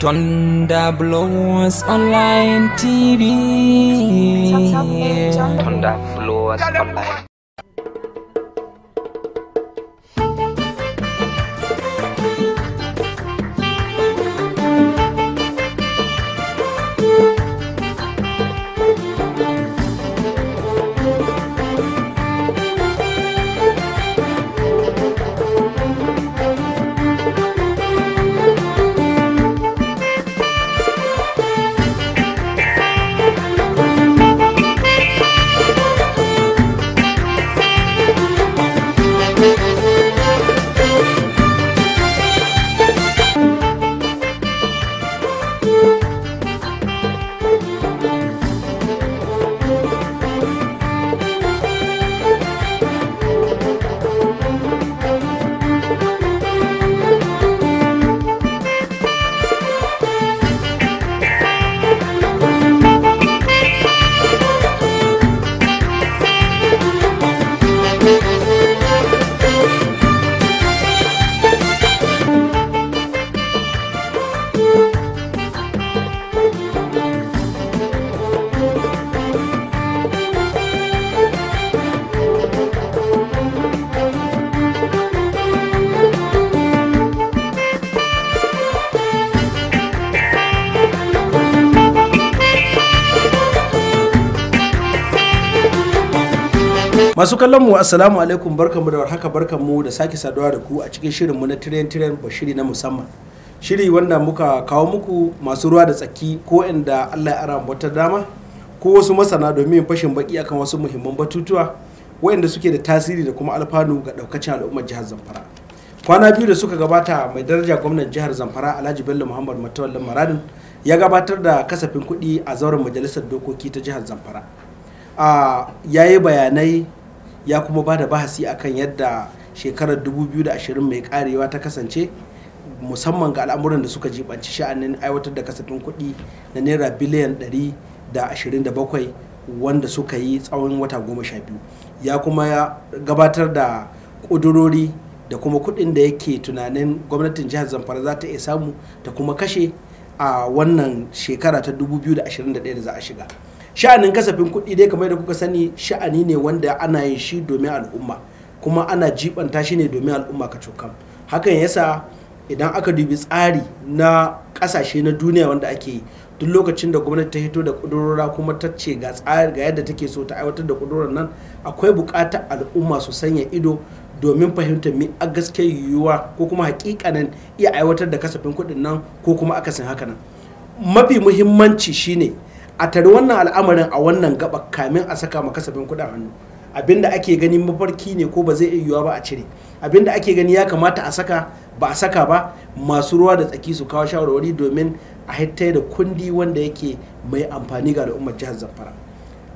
Thunder Blowers Online TV. Thunder Blowers Online. masu kallon mu assalamu alaikum barkanmu da warhaka barkanmu da sake saduwa da ku a cikin shirin mu na tiren tiren bashiri na musamman shiri wanda muka kawo muku masu ruwa da tsaki ko inda Allah ya ara wata dama ko wasu masana domin fashin baki akan wasu muhimman batutuwa waɗanda suke da tasiri da kuma alfanu ga daukacin al'ummar jihar Zamfara kwana biyu da suka gabata mai daraja gwamnan jihar Zamfara Alhaji Bello Muhammad Matawallin Maradin ya gabatar da kasafin kuɗi a zauren majalisar dokoki ta jihar Zamfara ah, a yayi bayanai ya kuma ba da bahasi kan yadda shekarar 2020 mai karewa ta kasance musamman ga al'amuran da suka jibanci sha'anin aiwatar da kasafin kuɗi na naira biliyan 127 wanda suka yi tsawon wata goma sha biyu ya kuma ya gabatar da ƙudurori da kuma kuɗin da yake tunanin gwamnatin jihar zamfara za ta iya samu ta kuma kashe a wannan shekara ta 2021 da za a shiga sha'anin kasafin kuɗi dai kamar da kuka sani sha'ani ne wanda ana yin shi domin al'umma kuma ana jibanta shi ne domin al'umma ka cokam hakan yasa idan aka dubi tsari na ƙasashe na duniya wanda ake yi duk lokacin da gwamnati ta hito da kudurora kuma ta ce ga tsari ga yadda take so ta aiwatar da kudurorin nan akwai buƙatar al'umma su sanya ido domin fahimtar mi a gaske yiwuwa ko kuma hakikanin iya aiwatar da kasafin kuɗin nan ko kuma akasin haka nan mafi muhimmanci shine a tare wannan al'amarin a wannan gaba kamin a saka ma kasafin kuɗin hannu abinda ake gani mafarki ne ko ba zai iya yiwuwa ba a cire abinda ake gani ya kamata a saka ba a saka ba masu ruwa da tsaki su kawo shawarwari domin a hitta da kundi wanda yake mai amfani ga al'ummar jihar zamfara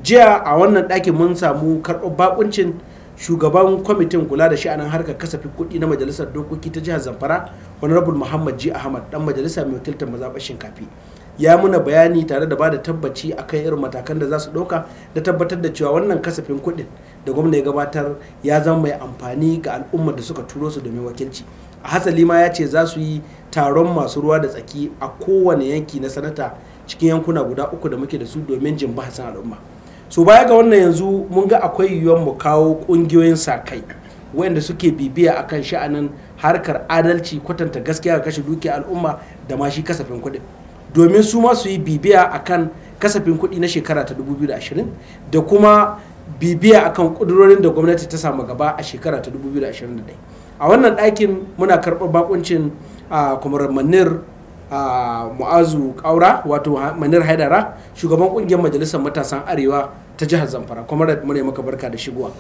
jiya a wannan ɗakin mun samu karɓo bakuncin shugaban kwamitin kula da sha'anin harkar kasafin kuɗi na majalisar dokoki ta jihar zamfara honorable muhammad ji ahmad dan majalisa mai wakiltar mazaɓar shinkafi ya muna bayani tare da bada tabbaci akan irin matakan da za su ɗauka da tabbatar da cewa wannan kasafin kuɗin da gwamna ya gabatar ya zama mai amfani ga al'umma da suka turo su domin wakilci a hasali ma ya ce za su yi taron masu ruwa da tsaki a kowane yanki na sanata cikin yankuna guda uku da muke da su domin jin bahasin al'umma so baya ga wannan yanzu mun ga akwai yiwuwar mu kawo ƙungiyoyin sa kai wayanda suke bibiya akan sha'anin harkar adalci kwatanta gaskiya ga kashe dukiyar al'umma da ma shi kasafin kuɗin domin su ma su yi bibiya akan kasafin kuɗi na shekara ta 2020 da kuma bibiya akan kudurorin da gwamnati ta samu gaba a shekara ta 2021 a wannan ɗakin muna karɓar bakuncin a ah, kumarar manir a mu'azu kaura wato manir haidara shugaban kungiyar majalisar matasan arewa ta jihar zamfara kuma mure maka barka da shigowa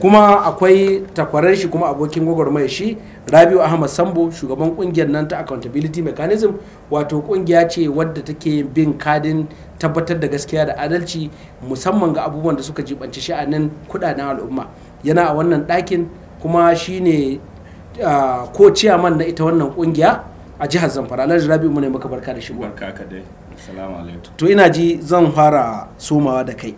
kuma akwai takwarar shi kuma abokin gwagwarmaya shi rabiu ahmad sambo shugaban kungiyar nan ta accountability mechanism wato kungiya ce wadda take bin kadin tabbatar da gaskiya da adalci musamman ga abubuwan da suka jibanci sha'anin kudaden al'umma yana a wannan ɗakin kuma shine ko ciyaman na ita wannan kungiya a jihar zamfara alhaji rabi mu ne maka barka da shi barka ka dai assalamu alaikum to ina ji zan fara somawa da kai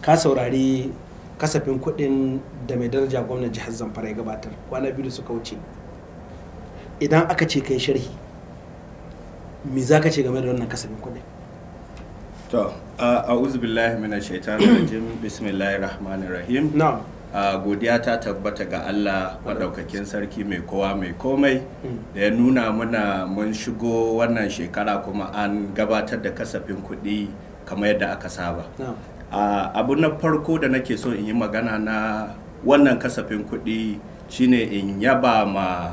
ka saurari kasafin kuɗin da mai daraja gwamnan jihar zamfara ya gabatar kwana biyu da suka wuce idan aka ce kai sharhi me za ka ce game da wannan kasafin kuɗin to a'udhu billahi minash shaitani rajim bismillahir rahmanir rahim na'am Uh, godiya ta tabbata ga Allah maɗaukakin sarki mai kowa mai komai da ya nuna mana mun shigo wannan shekara kuma an gabatar da kasafin kuɗi kamar yadda aka saba. Uh, abu na farko da nake so in yi magana na wannan kasafin kuɗi shine in yaba ma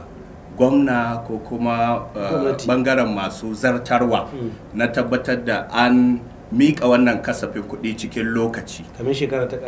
gwamna ko kuma uh, bangaren masu zartarwa mm. na tabbatar da an mika wannan kasafin kuɗi cikin lokaci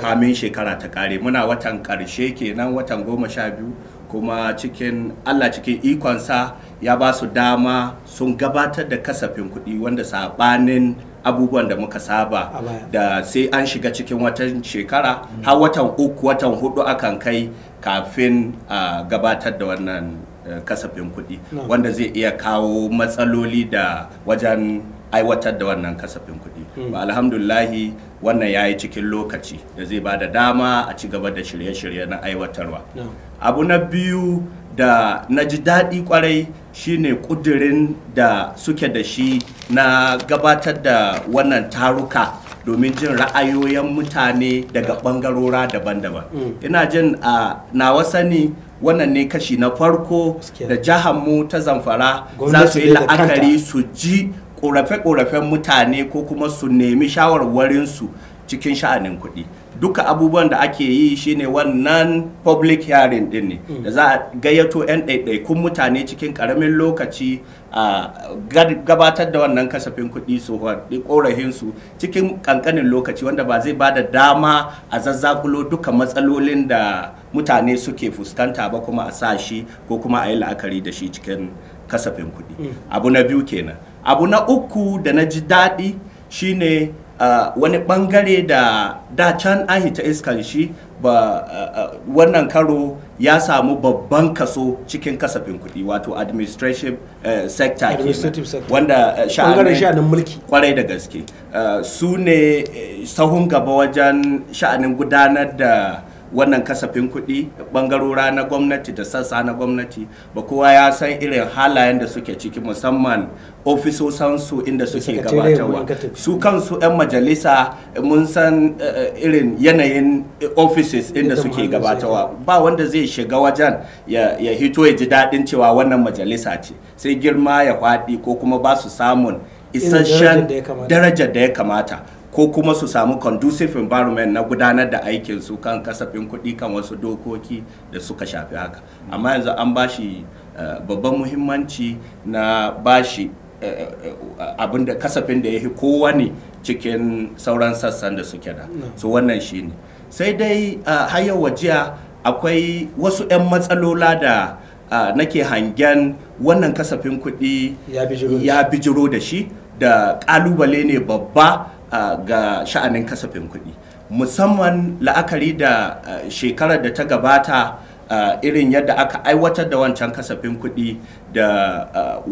kamin shekara ta kare muna watan ƙarshe kenan watan goma sha biyu kuma cikin allah cikin ikonsa ya ba su dama sun gabatar da kasafin kuɗi wanda saɓanin abubuwan da muka saba da sai an shiga cikin watan shekara ha har watan uku watan hudu akan kai kafin a gabatar da wannan eh, kasafin kuɗi wanda zai iya kawo matsaloli da wajen aiwatar da wannan kasafin kuɗi hmm. ba alhamdulahi wannan ya yi cikin lokaci da zai ba da dama a ci gaba da shirye-shirye na aiwatarwa abu na biyu da na ji daɗi kwarai ne ƙudurin da suke da shi na gabatar da wannan taruka domin jin ra'ayoyin mutane daga ɓangarora daban-daban hmm. ina jin a nawa sani wannan ne kashi na farko da jihar mu ta zamfara za su yi la'akari su ji ƙorafe korafen mutane ko kuma su nemi shawarwarinsu cikin sha'anin kuɗi duka abubuwan da ake yi shine wannan public hearing din ne da za a gayyato 'yan ɗaiɗaikun mutane cikin ƙaramin lokaci a gabatar da wannan kasafin kuɗi su haɗi ƙorahinsu cikin ƙanƙanin lokaci wanda ba zai ba da dama a zazzakulo duka matsalolin da mutane suke fuskanta ba kuma a sa shi ko kuma a yi la'akari da shi cikin kasafin kuɗi mm. abu na biyu kenan abu na uku da na ji daɗi shine uh, wani ɓangare da da can an hita iskan shi ba uh, uh, wannan karo ya samu babban kaso cikin kasafin kuɗi wato administration uh, sector sector wanda uh, sha'anin mulki kwarai da gaske uh, su ne eh, sahun gaba wajen sha'anin gudanar da wannan kasafin kuɗi bangarora na gwamnati da sassa na gwamnati ba kowa ya san irin halayen da suke ciki musamman ofisosansu inda suke gabatarwa su kansu 'yan majalisa mun san eh, irin yanayin eh, offices inda suke gabatarwa ba wanda zai shiga wajen ya hito ya ji daɗin cewa wannan majalisa ce sai girma ya faɗi ko kuma ba su samun isasshen darajar da ya kamata ko kuma su samu conducive environment na gudanar da aikin su kan kasafin kuɗi kan wasu dokoki da suka shafi haka amma yanzu an bashi eh, babban muhimmanci na bashi eh, eh, abin kasafin da ya fi kowane cikin sauran sassan da suke da so wannan shi ne. sai dai har yau wajiya akwai wasu 'yan matsalola da nake hangen wannan kasafin kuɗi ya bijiro da shi da ƙalubale ne babba ga sha'anin kasafin kuɗi musamman la'akari da shekarar da ta gabata irin yadda aka aiwatar da wancan kasafin kuɗi da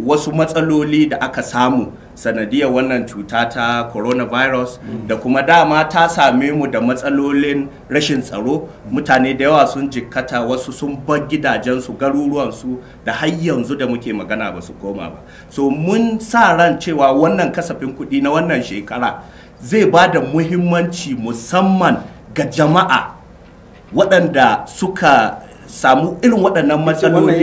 wasu matsaloli da aka samu sanadiyar wannan cuta ta coronavirus da kuma dama ta same mu da matsalolin rashin tsaro mutane da yawa sun jikkata wasu sun bar gidajensu garuruwansu da har yanzu da muke magana ba su koma ba so mun sa ran cewa wannan kasafin kuɗi na wannan shekara zai ba da muhimmanci musamman ga jama'a waɗanda suka samu irin waɗannan matsaloli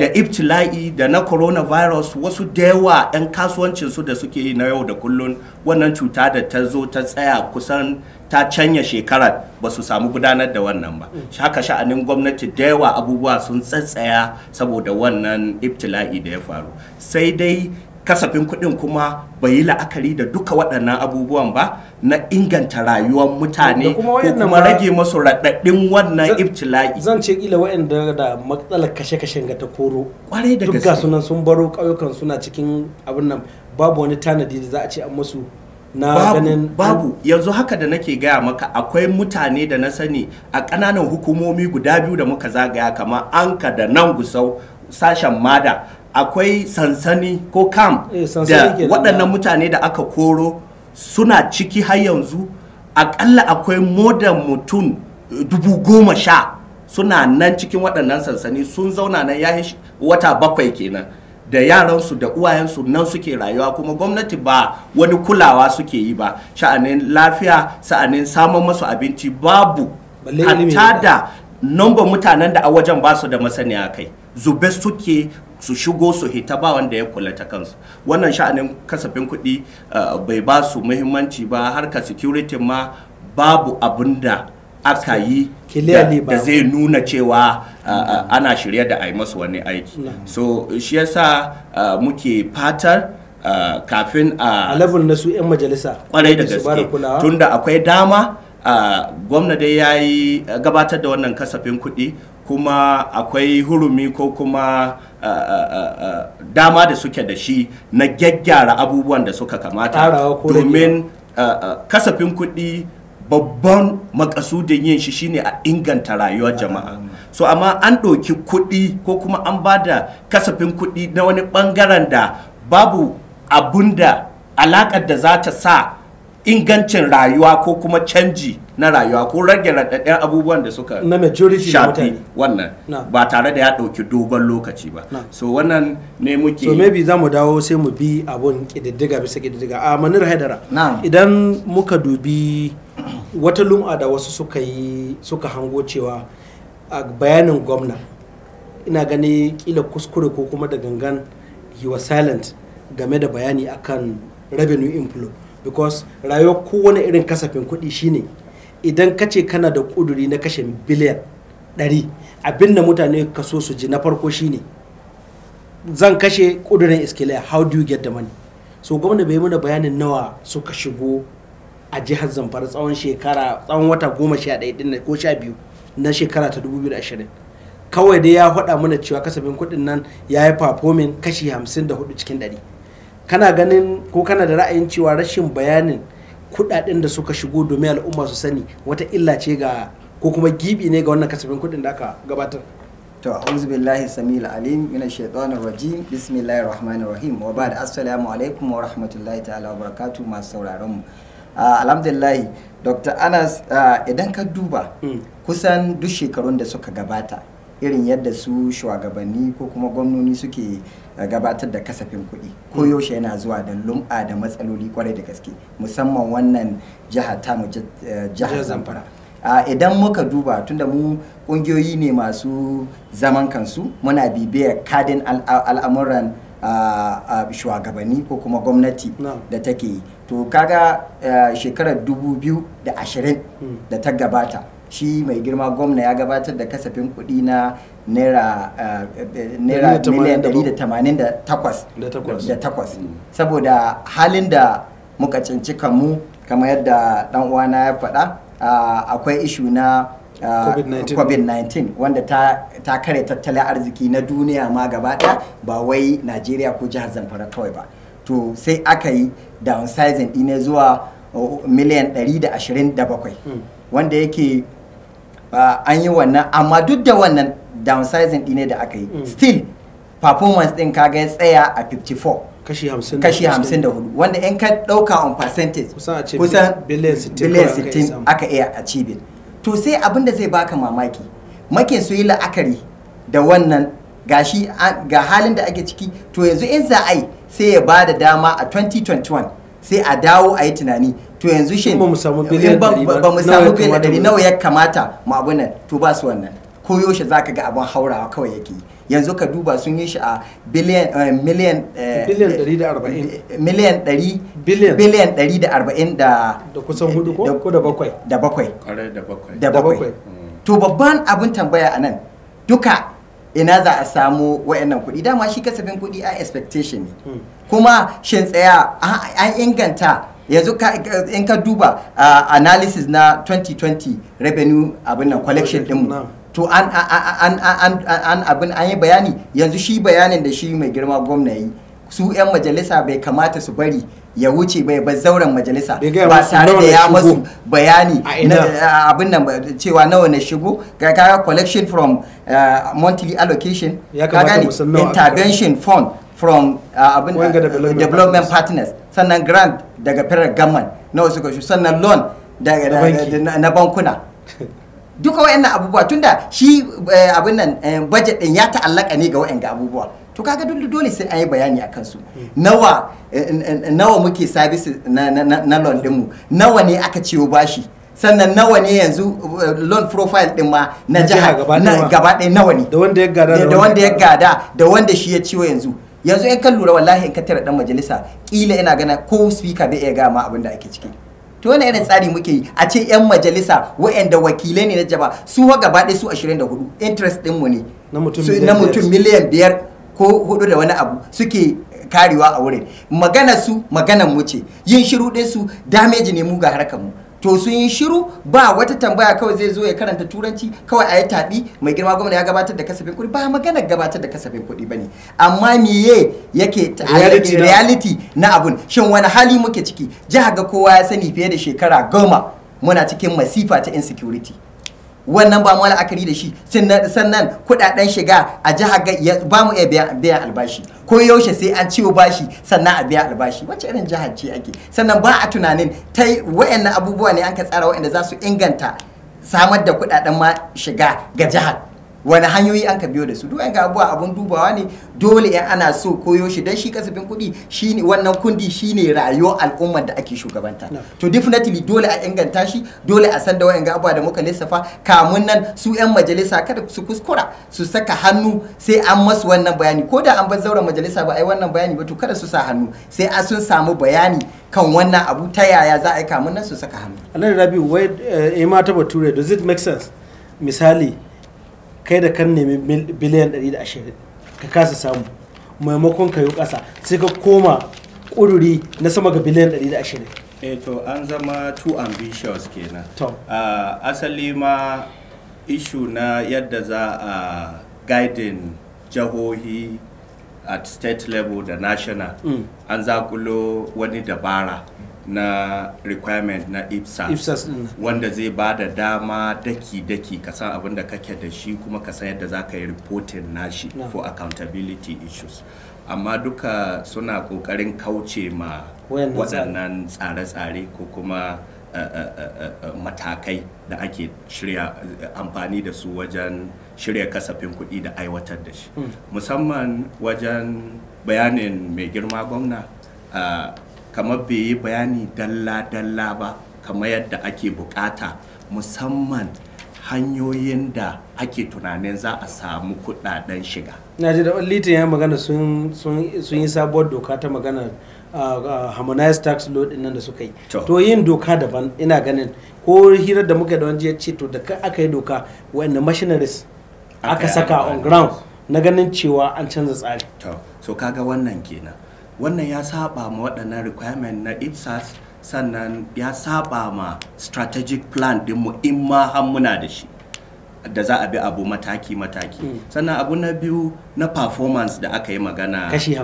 da ibtila'i da na coronavirus wasu da yawa 'yan kasuwancinsu da suke yi na yau da kullun wannan cuta da ta zo ta tsaya kusan ta canya shekarar ba su samu gudanar da wannan ba mm. haka sha'anin gwamnati da abubuwa sun tsatsaya saboda wannan ibtila'i da ya faru sai dai kasafin kuɗin kuma bai yi la'akari da duka waɗannan abubuwan ba na inganta rayuwar mutane ko kuma rage masu raɗaɗin wannan ibtila'i zan ce ƙila waɗanda da matsalar kashe-kashen ga ta koro ƙwarai da gaske sunan sun baro ƙauyukan suna cikin abin nan babu wani tanadi da za a ce an musu na ganin babu yanzu haka da nake gaya maka akwai mutane da na sani a ƙananan hukumomi guda biyu da muka zagaya kamar anka da nan gusau sashen mada akwai sansani ko kam eh, da waɗannan mutane da aka koro suna ciki har yanzu akalla akwai modern mutum eh, dubu goma sha suna nan cikin waɗannan sansani sun zauna nan ya wata bakwai kenan da yaransu da uwayensu nan suke rayuwa kuma gwamnati ba wani kulawa suke yi ba sha'anin lafiya sha'anin samun masu abinci babu hatta da nomba mutanen da a wajen basu da masaniya kai zube suke su shigo su hita ba wanda ya kula ta kansu wannan sha'anin kasafin kuɗi eh, bai ba su muhimmanci ba harka security ma babu abin da aka yi da zai nuna cewa eh, eh, ana shirya da a yi masu wani aiki so shi yasa muke fatar kafin a level na su 'yan majalisa kwarai da gaske tunda akwai dama gwamna dai ya yi gabatar da wannan kasafin kuɗi kuma akwai hurumi ko kuma eh, eh, eh, dama da suke da shi na gyaggyara abubuwan da suka kamata domin kasafin kuɗi babban makasudin yin shi shine a inganta rayuwar ah. jama'a so amma an ɗauki kuɗi ko kuma an ba da kasafin kuɗi na wani ɓangaren da babu abun da alaƙar da za ta sa ingancin rayuwa ko kuma canji na rayuwa ko rage raɗaɗɗen abubuwan da suka na majority shafi wannan ba tare da ya ɗauki dogon lokaci ba so wannan ne muke so maybe za mu dawo sai mu bi abun ƙididdiga bisa ƙididdiga a manir haidara idan muka dubi wata lum'a da wasu suka yi suka hango cewa a bayanin gwamna ina gani kila kuskure ko kuma da gangan he was silent game da bayani akan revenue inflow because rayuwar kowane irin kasafin kuɗi shine idan ka ce kana da kuduri na kashe biliyan ɗari abinda mutane ka so su ji na farko shine zan kashe ƙudurin iskila how do you get the money so gwamna bai mana bayanin nawa suka shigo a jihar zamfara tsawon shekara tsawon wata goma sha ɗaya ɗin ko sha biyu na shekara ta 2020 kawai dai ya faɗa mana cewa kasafin kuɗin nan ya yi performing kashi hudu cikin ɗari. kana ganin ko kana da ra'ayin cewa rashin bayanin kudaden da suka shigo domin al'umma su sani wata illa ce ga ko kuma gibi ne ga wannan kasafin kudin da aka gabatar to a'udhu billahi samil alim minash shaitanir rajim bismillahir rahmanir rahim wa ba'd assalamu alaikum wa rahmatullahi ta'ala wa barakatuh masu sauraron mu ah, alhamdulillah dr anas ah, idan ka duba hmm. kusan duk shekarun da suka gabata irin yadda su shugabanni ko kuma gwamnoni suke eh, gabatar da kasafin kuɗi ko mm. yaushe yana zuwa da lum'a da matsaloli kwarai da gaske musamman wannan eh, jihar mu jihar zamfara idan muka duba tunda mu ƙungiyoyi ne masu zaman kansu muna bibiyar kadin al'amuran shugabanni ko kuma gwamnati da take to kaga eh, shekarar 2020 mm. da ta gabata shi mai girma gwamna ya gabatar da kasafin kudi na naira eh, eh, miliyan 188 mm. saboda halin da muka cinci kanmu kamar yadda dan uwana ya faɗa akwai ishu na covid-19 wanda ta, kare tattalin arziki na duniya ma gaba ba wai najeriya ko jihar zamfara kawai ba to sai aka yi downsizing ɗine zuwa oh, miliyan 127 mm. wanda yake an yi wannan amma duk da wannan downsizing ɗine da aka yi mm. still performance din kaga ya tsaya a 54 kashi 54 wanda in ka ɗauka on percentage kusan billion 60 aka iya achieving to sai abin da zai baka mamaki makin su yi la'akari da wannan gashi ga halin da ake ciki to yanzu in za a yi sai ya ba da dama a 2021 sai a dawo a yi tunani to yanzu shi eh, ba mu samu biliyan ba mu samu biliyan ɗari nawa ya kamata mu abun nan to ba su wannan ko yaushe zaka ga abun haurawa kawai yake yanzu ka duba sun yi shi a biliyan eh, miliyan eh, miliyan 140 biliyan 140 da da kusan hudu ko da bakwai da bakwai da bakwai to babban abun tambaya a nan duka ina za a samu wa'annan kuɗi dama shi kasafin kuɗi a expectation ne hmm. kuma shin tsaya an inganta yanzu in ka duba analysis na 2020 revenue abin na collection dinmu to an abin an yi bayani yanzu shi bayanin da shi mai girma gwamna yi su 'yan majalisa bai kamata su bari ya wuce bai ba zauren majalisa ba tare da ya masu bayani abin nan cewa nawa na shigo kaga collection from eh, monthly allocation intervention fund from uh, abin uh, development, development partners sannan grant daga federal government na wasu kashi sannan loan daga na bankuna duka wayannan abubuwa tunda shi eh, abin nan eh, budget din ya ta'allaka ne ga wayannan abubuwa to kaga dole dole sai an yi bayani a kansu nawa eh, nawa muke service na na loan din mu nawa ne aka ciwo bashi sannan nawa ne yanzu loan profile din ma na jiha gaba ɗaya nawa ne da wanda ya da wanda ya gada da wanda shi ya ciwo yanzu yanzu in kan lura wallahi in ka tare dan majalisa kila ina gana ko speaker bai iya ga ma abin da ake ciki to wannan irin tsari muke yi a ce yan majalisa waɗanda wakilai ne na jaba su ha gaba ɗaya su 24 interest din mu ne na mutum miliyan biyar ko hudu da wani abu suke karewa a wurin magana su maganan mu ce yin shiru ɗin su damage ne mu ga harkar mu to sun yi shiru ba wata tambaya kawai zai zo ya karanta turanci kawai a yi taɓi mai girma gwamna ya gabatar da kasafin kuɗi ba magana gabatar da kasafin kuɗi ba ne amma miye yake reality na abun shin wani hali muke ciki jiha ga kowa ya sani fiye da shekara goma muna cikin masifa ta insecurity wannan ba mu la'akari da shi sannan kuɗaɗen shiga a jihar ba mu iya biyan albashi ko yaushe sai an ciwo bashi sannan a biya albashi wacce irin jihar ce ake sannan ba a tunanin ta wayannan abubuwa ne an ka tsara wayanda za su inganta samar da kudaden ma shiga ga jihar wani hanyoyi an ka biyo da su duk ga abuwa abun dubawa ne dole yan ana so koyo shi dan shi kasafin kuɗi shine wannan kundi shi ne rayuwar al'ummar da ake shugabanta to definitely dole a inganta shi dole a san da wayan abuwa da muka lissafa kamun nan su yan majalisa kada su kuskura su saka hannu sai an masu wannan bayani ko da an bar zauren majalisa ba ai wannan bayani ba to kada su sa hannu sai a sun samu bayani kan wannan abu ta yaya za a yi kamun nan su saka hannu. Allah Rabi, wai eh, eh mata bature, does it make sense? Misali, kai da kan nemi biliyan 120 ka kasa samu maimakon ka yi ƙasa sai ka koma ƙuduri na sama ga biliyan 120 eh to an zama too ambitious kenan to uh, asali ma ishu na yadda za a uh, guiding jahohi at state level da national mm. an zakulo wani dabara na requirement na ipsas, IPSAS wanda zai ba da dama daki-daki ka san abin da kake da shi kuma ka san yadda za ka yi reporting shi no. for accountability issues amma duka suna kokarin kauce ma waɗannan tsare-tsare ko kuma uh, uh, uh, matakai da ake shirya amfani da su wajen shirya kasafin kuɗi da aiwatar da shi hmm. musamman wajen bayanin mai girma gwamna ah, kamar bai yi bayani dalla-dalla ba kamar yadda ake bukata musamman hanyoyin da ake tunanin za a samu kudaden shiga na ji da litin ya magana sun yi sabuwar doka ta magana harmonized tax load nan da suka yi to yin doka daban ina ganin ko hira da muka da wani ce to da aka yi doka wa'anda machineries aka saka on ground na ganin cewa an canza tsari to so kaga wannan kenan wannan ya saba ma waɗannan requirement na ipsas sannan ya saba ma strategic plan dinmu in ma har muna da shi da za a bi abu mataki-mataki hmm. sannan abu na biyu na performance da aka yi magana kashi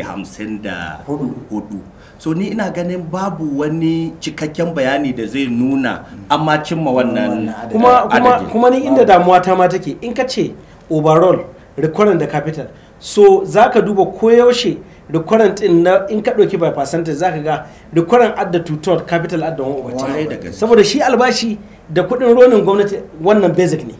hamsin da hudu so ni ina ganin babu wani cikakken bayani da zai nuna amma cimma wannan kuma, kuma, kuma ni inda damuwa ta ma take in ka ce overall recurrent da capital so za ka duba koyaushe recurrent in na in ka ɗauki by percentage za ka ga recurrent adda tutor capital one over time saboda shi albashi da kuɗin ronin gwamnati wannan basic ne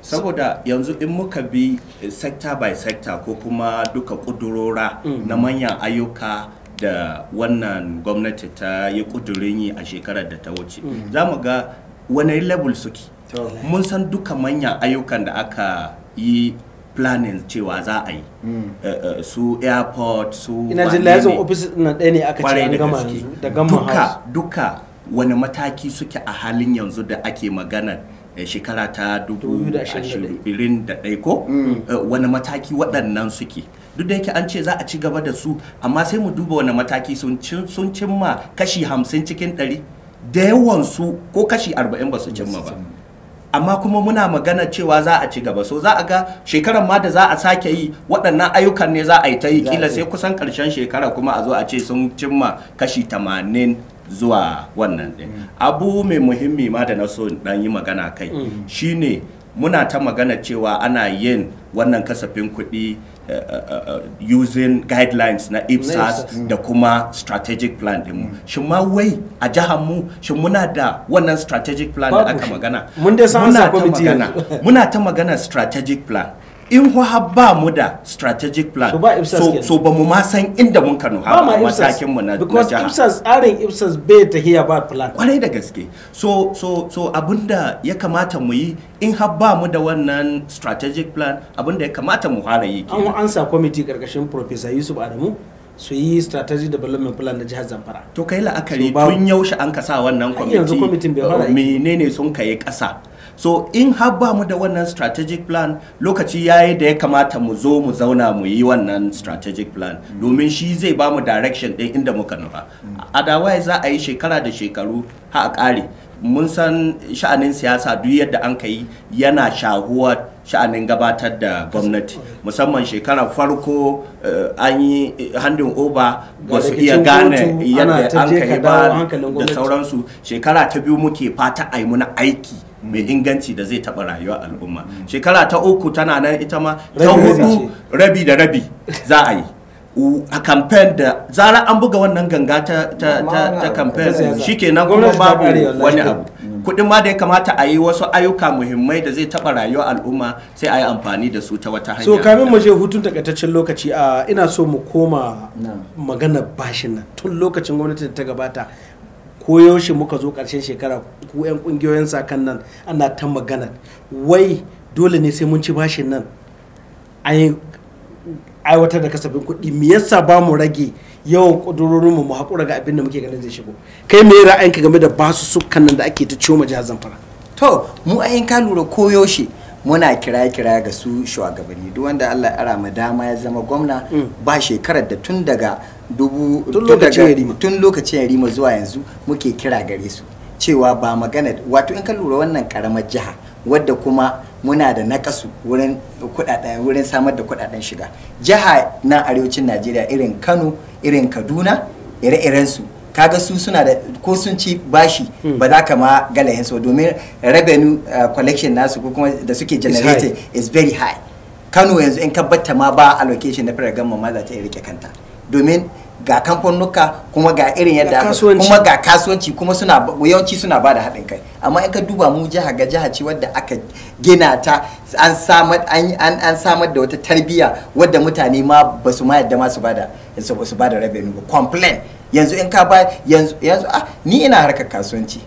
saboda yanzu in muka bi sector by sector ko kuma duka kudurora mm. na manyan ayyuka da wannan gwamnati ta yi kudurin yi a shekarar da ta wuce mm. zamu ga wani level suki. mun san duka manyan ayyukan da aka yi planning cewa za a yi hmm. eh, eh, su airport su ina jin na ɗaya ne aka ce an gama yanzu da gama duka duka wani mataki suke a halin yanzu da ake magana eh, shekara ta 2021 ko hmm. wani mataki waɗannan suke duk da yake an ce za a ci gaba da su amma sai mu duba wani mataki sun cimma kashi 50 cikin 100 da yawansu ko kashi 40 ba su cimma ba amma kuma muna magana cewa za a ci gaba so za a ga shekarar ma da za a sake yi waɗannan ayyukan ne za a yi ta yi kila sai kusan ƙarshen shekara kuma a zo a ce sun cimma kashi tamanin zuwa wannan ɗin mm. abu mai muhimmi ma da na so ɗan yi magana kai mm. shine muna ta magana cewa ana yin wannan kasafin kuɗi uh, uh, uh, using guidelines na ipsas da kuma strategic plan mm. shin ma wai a jihar mu shin muna da wannan strategic plan da aka magana muna ta magana muna ta magana strategic plan in har ba mu da strategic plan so ba mu ma san inda mun kano ha matakin mu na because IPSAS tsarin IPSAS bai hiya ba plan kwarai da gaske so so so abinda ya kamata mu yi in ha ba mu da wannan strategic plan abinda ya kamata mu fara yi an an sa committee karkashin professor Yusuf Adamu su yi strategic development plan na jihar Zamfara to kai la'akari tun yaushe an ka sa wannan committee menene sun kai kasa so in har ba mu da wannan strategic plan lokaci yayi da ya kamata mu zo mu zauna mu yi wannan strategic plan domin shi zai ba mu direction ɗin inda muka nufa otherwise za a yi shekara da shekaru ha a ƙare mun san sha'anin siyasa duk yadda an ka yi yana shahuwa sha'anin gabatar da gwamnati musamman shekarar farko eh, an yi eh, handin oba ba su iya gane yadda an ka yi ba da sauransu shekara ta biyu muke fata a yi muna aiki mai inganci da zai taɓa rayuwa al'umma shekara ta uku tana nan ita ma ta hudu rabi da rabi za a yi a campaign da zara an buga wannan ganga ta ta ta, ta campaign shikenan kuma babu wani abu kudin ma da ya kamata a yi wasu ayyuka muhimmai da zai taba rayuwa al'umma sai a yi amfani da su ta wata hanya so kamin mu je hutun takaitaccen lokaci a ina so mu koma magana bashin nan tun lokacin gwamnati da ta gabata koyaushe muka zo ƙarshen shekara ku 'yan ƙungiyoyin sakan nan ana ta magana wai dole ne sai mun ci bashin nan aiwatar da kasafin kuɗi me yasa ba mu rage yawan ƙudurorin mu haƙura ga abin da muke ganin zai shigo kai me ra'ayinka game da basu sukan nan da ake ta ciwo ma fara zamfara to mu ayin ka lura koyaushe muna kira-kira ga su shugabanni duk wanda Allah ya ara dama ya zama gwamna mm. ba shekarar da tun daga dubu tun lokacin rima zuwa yanzu muke kira gare su cewa ba magana wato in ka lura wannan karamar jiha wadda kuma muna da nakasu wurin wurin samar da kudaden shiga jiha na arewacin Najeriya irin Kano irin Kaduna ire-irensu kaga su suna da ko sun ci bashi hmm. ba za ka ma galahin so domin revenue uh, collection nasu ko kuma da suke generate is very high kano yanzu in ka batta ma ba allocation na fara government ma za ta rike kanta domin ga kamfanuka kuma ga irin yadda kuma ga kasuwanci kuma suna yawanci suna ba da haɗin kai amma in ka duba mu jiha ga jiha ce wadda aka gina ta an samar an an samar da wata tarbiyya wadda mutane ma ba su ma yadda ma su bada yanzu ba su bada revenue ba complain yanzu in ka ba yanzu yanzu ah ni ina harkar kasuwanci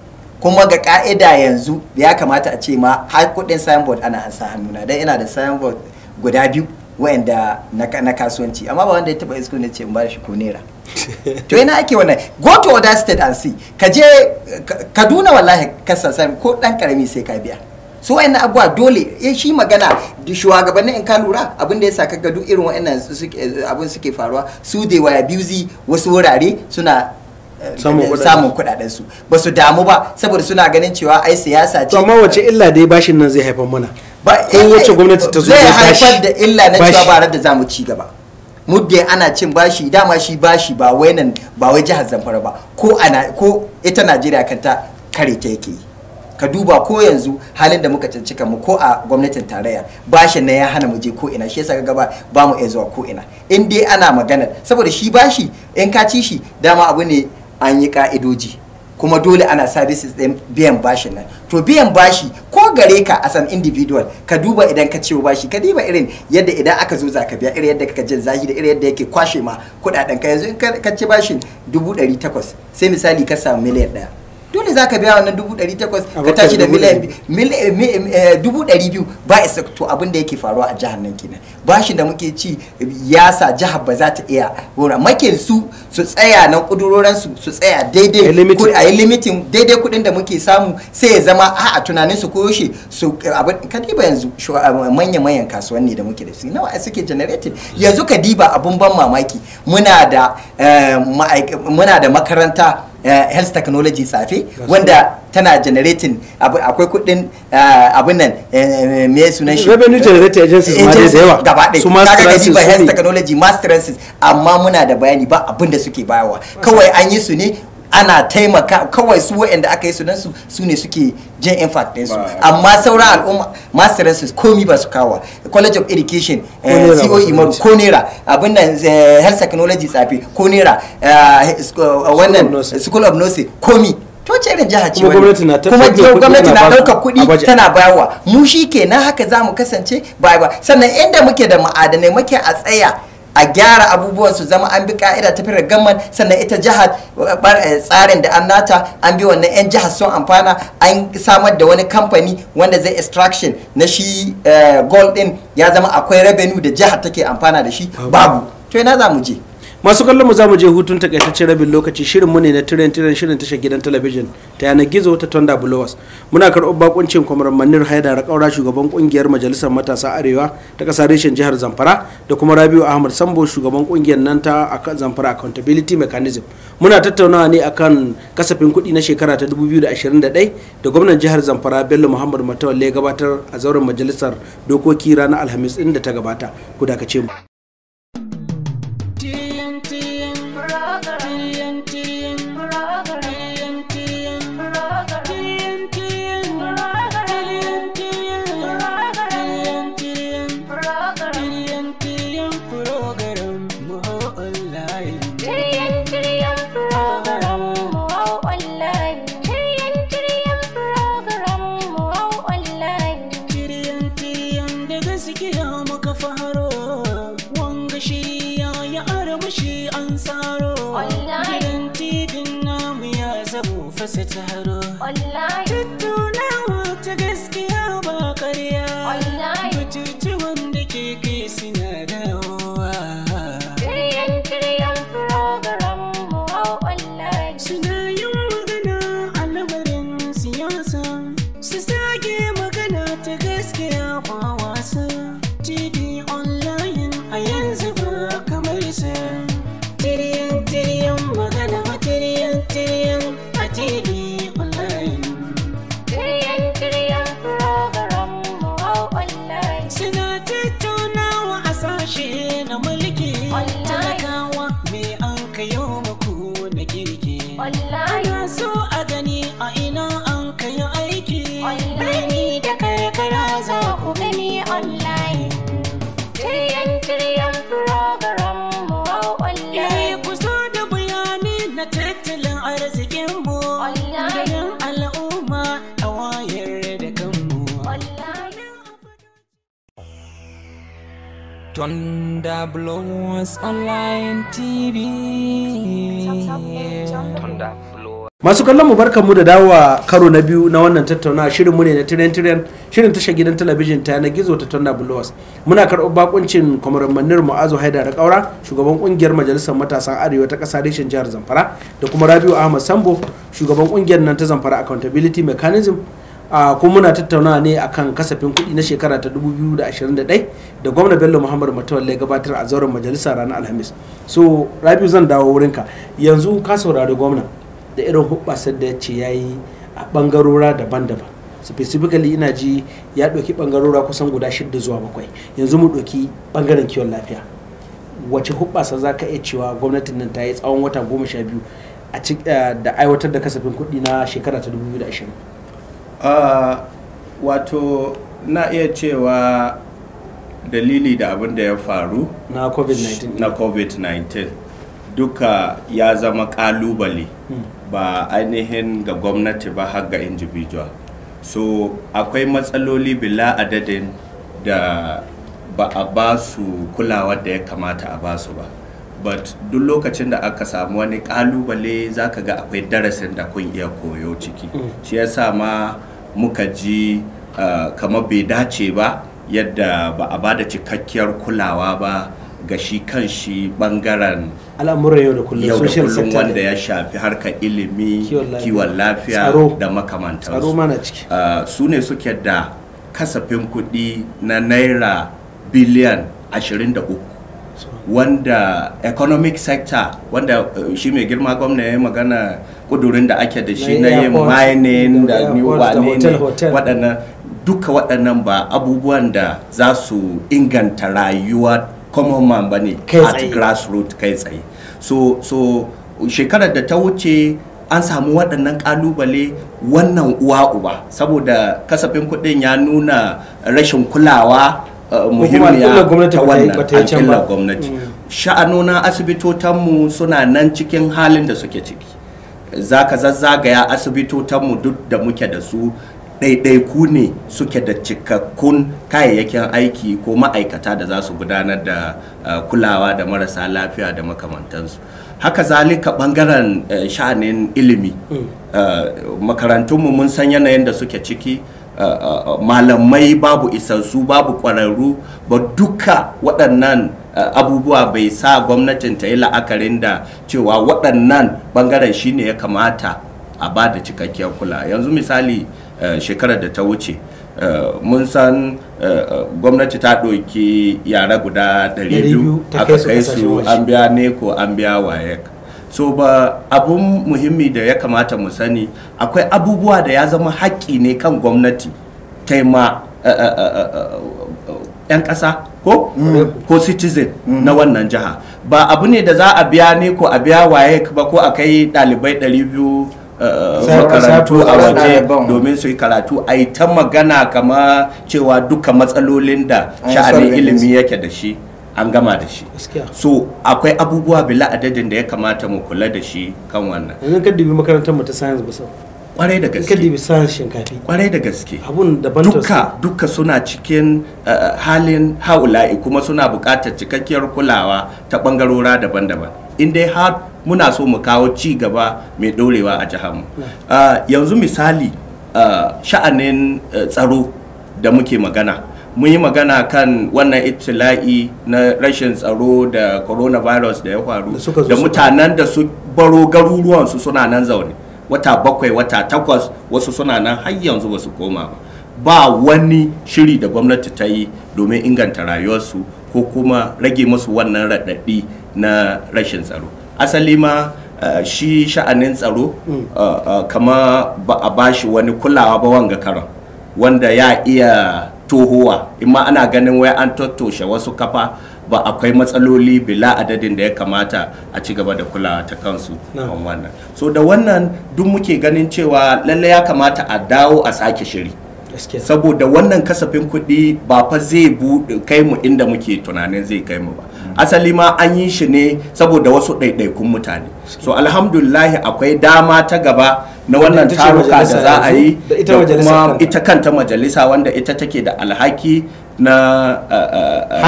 kuma ga ka'ida yanzu ya kamata a ce ma har kuɗin signboard ana an sa hannuna dan ina da signboard guda biyu wayanda na kasuwanci amma ba wanda ya taba isko ne ce in ba shi ko naira to ina ake wannan go to other state and see ka je kaduna wallahi ka ko dan karami sai ka biya so wayannan abuwa dole eh shi magana da shugabannin in ka lura abin da ya saka ga duk irin wayannan eh, abin suke faruwa su they were busy wasu wurare suna samun kudaden su ba su damu ba saboda suna ganin cewa ai siyasa ce amma wace illa dai bashin nan zai haifar mana ba eh, wace gwamnati ta zo zai haifar da illa na cewa ba da zamu ci gaba muddin ana cin bashi dama shi bashi ba wai nan ba wai jihar Zamfara ba ko ana ko ita Najeriya kanta kare ta yake ka duba ko yanzu halin da muka cancika mu ko a gwamnatin tarayya bashi na ya hana mu je ko ina shi yasa ga gaba ba mu iya zuwa ko ina in dai ana magana saboda shi bashi in ka ci shi dama abu ne an yi ka'idoji kuma dole ana services ɗin biyan bashin nan to biyan bashi ko gare ka as an individual ka duba idan ka ciwo bashi ka diba irin yadda idan aka zo zaka biya irin yadda ka jin zahi da irin yadda yake kwashe ma kuɗaɗen ka yanzu in ka ci bashin dubu ɗari takwas sai misali ka samu miliyan ɗaya dole za ka biya wannan dubu ɗari takwas ka tashi da miliyan eh, eh, eh, dubu ɗari biyu ba isa to abin da yake faruwa a jihar nan kenan bashin da muke ci ya sa jihar ba za ta iya wura make su su tsaya na kuduroran su tsaya daidai a yi limitin daidai kuɗin da muke samu sai ya zama a a tunanin su koyoshe su abin ka diba yanzu manya manyan kasuwanni da muke da su nawa suke generated yanzu ka diba abun ban mamaki muna muna da makaranta Eh, health technology safi wanda tana generating akwai kudin eh, abin nan eh, me sunan shi revenue generating agencies ma da yawa gaba ɗaya su master ba health technology master amma muna da bayani ba abin da suke bayarwa kawai an yi su ne ana taimaka kawai su waɗanda aka yi su su ne suke jan impact din su amma sauran al'umma master's su komi ba su kawa college of education COE eh, maru ko nera e abin nan eh, health technology tsafi ko nera eh, wannan school of nursing komi to ce irin jiha ne kuma gwamnati na dauka kuɗi tana bayarwa mu shi ke kenan haka za mu kasance ba sannan inda muke da ma'adanai muke a tsaya a gyara abubuwan su zama an bi ka'ida ta firar gamman sannan ita jihar eh, tsarin da an nata an bi wannan 'yan jihar sun amfana an samar da wani kamfani wanda zai extraction na shi eh, gold din ya zama akwai revenue da jihar take amfana da shi babu to ina za mu je masu kallon mu za mu je hutun takaitaccen rabin lokaci shirin mu ne na tiren tiren shirin tashar gidan talabijin ta yanar gizo ta tonda blowers muna karɓar bakuncin kwamar manir haidara kaura shugaban kungiyar majalisar matasa arewa ta ƙasar reshen jihar zamfara da kuma rabiu ahmad sambo shugaban kungiyar nan ta zamfara accountability mechanism muna tattaunawa ne akan kasafin kuɗi na shekara ta 2021 da da gwamnan jihar zamfara bello muhammad matawalle gabatar a zauren majalisar dokoki ranar alhamis ɗin da ta gabata ku dakace mu Thunder Blows Online TV. Masu kallon mu barka mu da dawowa karo na biyu na wannan tattaunawa shirinmu ne na tiren tiren shirin tashar gidan talabijin ta na gizo ta Thunder blowers Muna karɓar bakuncin kwamarin manir Mu'azu Haidar Kaura shugaban kungiyar majalisar matasan Arewa ta ƙasa reshen jihar Zamfara da kuma Rabiu Ahmad Sambo shugaban kungiyar nan ta Zamfara Accountability Mechanism Uh, kuma muna tattaunawa ne a kan kasafin kuɗi na shekara ta 2021 da gwamna bello Muhammadu matawalle ya gabatar a zauren majalisa ranar alhamis so rabiu zan dawo wurinka yanzu ka saurari gwamna da irin hubbasar da ya ce ya yi a bangarora daban-daban specifically ina ji ya ɗauki bangarora kusan guda shida zuwa bakwai yanzu mu ɗauki ɓangaren kiwon lafiya wace hubbasa za ka iya cewa gwamnatin nan ta yi tsawon wata goma sha biyu eh, da aiwatar da kasafin kuɗi na shekara ta 2020 wato na iya cewa dalili da abin da ya faru na covid-19 duka ya zama kalubale hmm. ba ainihin ga gwamnati ba har ga individual so akwai matsaloli bila adadin da ba a ba su kulawa da ya kamata a ba su ba but duk lokacin da aka samu wani kalubale za ka ga akwai darasin da kun iya koyo ciki hmm. shi ma muka ji uh, kamar bai dace ba yadda ba a bada cikakkiyar kulawa ba ga shi kan shi bangaren al'amuran yau da kullum wanda ya shafi harkar ilimi kiwon lafiya da makamantarsu uh, su ne suke da kasafin kuɗi na naira biliyan 23 wanda economic sector wanda uh, shi mai girma gwamna ya magana kudurin da ake da shi na yin mining da ni wane ne waɗannan duka waɗannan ba abubuwan da za su inganta rayuwa common man ba ne at grassroots kai tsaye so so shekarar da ta wuce an samu waɗannan ƙalubale wannan uwa uba saboda kasafin kuɗin ya nuna rashin kulawa eh, muhimmiya ta wannan gwamnati mm. sha'anonin asibitotanmu suna nan cikin halin da suke ciki za ka zazzagaya asibitotanmu duk da muke da su ɗaiɗaiku ne suke da cikakkun kayayyakin aiki ko ma'aikata da za su gudanar da eh, kulawa da marasa lafiya da makamantansu haka zalika ɓangaren eh, sha'anin ilimi mm. eh, makarantunmu mun san yanayin da suke ciki malamai babu isassu babu ƙwararru ba duka waɗannan abubuwa bai sa gwamnatin ta yi la'akarin da cewa waɗannan bangaren shine ya kamata a ba da cikakkiyar kula yanzu misali eh, shekarar da ta wuce eh, mun san eh, gwamnati ta ɗauki yara guda 200 aka kai su an biya ne ko an biya waye so ba abun muhimmi da ya kamata mu sani akwai abubuwa da ya zama haƙƙi ne kan gwamnati taima 'yan ƙasa ko ko citizen na wannan jiha ba abu ne da za a biya ne ko a biya waye ba ko a kai ɗalibai 200 eh, makarantu a waje domin su yi karatu a yi ta magana kama cewa duka matsalolin da sha'anin ilimi yake da shi an gama da shi so akwai abubuwa bila adadin da ya kamata mu kula da shi kan wannan yanzu ka dubi makarantar mu ta science ba kwarai da gaske kadi misalin shinkafi kwarai da gaske abun ban duka duka suna cikin eh, eh, halin haula'i kuma suna buƙatar cikakkiyar kulawa ta bangarora daban-daban in dai har muna so mu kawo ci gaba mai dorewa a jihar mu eh, yanzu misali sha'anin tsaro da muke magana mun yi magana kan wannan itilai na rashin tsaro da coronavirus da ya faru da mutanen da su baro garuruwansu suna nan zaune wata bakwai wata takwas wasu suna nan har yanzu ba su koma ba ba wani shiri da gwamnati ta yi domin inganta rayuwarsu ko kuma rage musu wannan raɗaɗi na rashin tsaro asali ma uh, shi sha'anin tsaro mm. uh, uh, kama ba a bashi wani kulawa ba wanga karan wanda ya iya tohowa in ma ana ganin wai an tattoshe wasu kafa ba akwai matsaloli bila adadin da ya kamata a ci gaba da kulawa ta kansu kan wannan so da wannan duk muke ganin cewa lalle ya kamata a dawo a sake shiri saboda wannan kasafin kuɗi ba fa zai kai mu inda muke tunanin zai kai mu ba hmm. asali ma an yi shi ne saboda wasu ɗaiɗaikun mutane so alhamdulillahi akwai dama ta gaba na wannan taruka da za a yi da kuma ita kanta majalisa wanda ita take da alhaki na eh, eh, eh,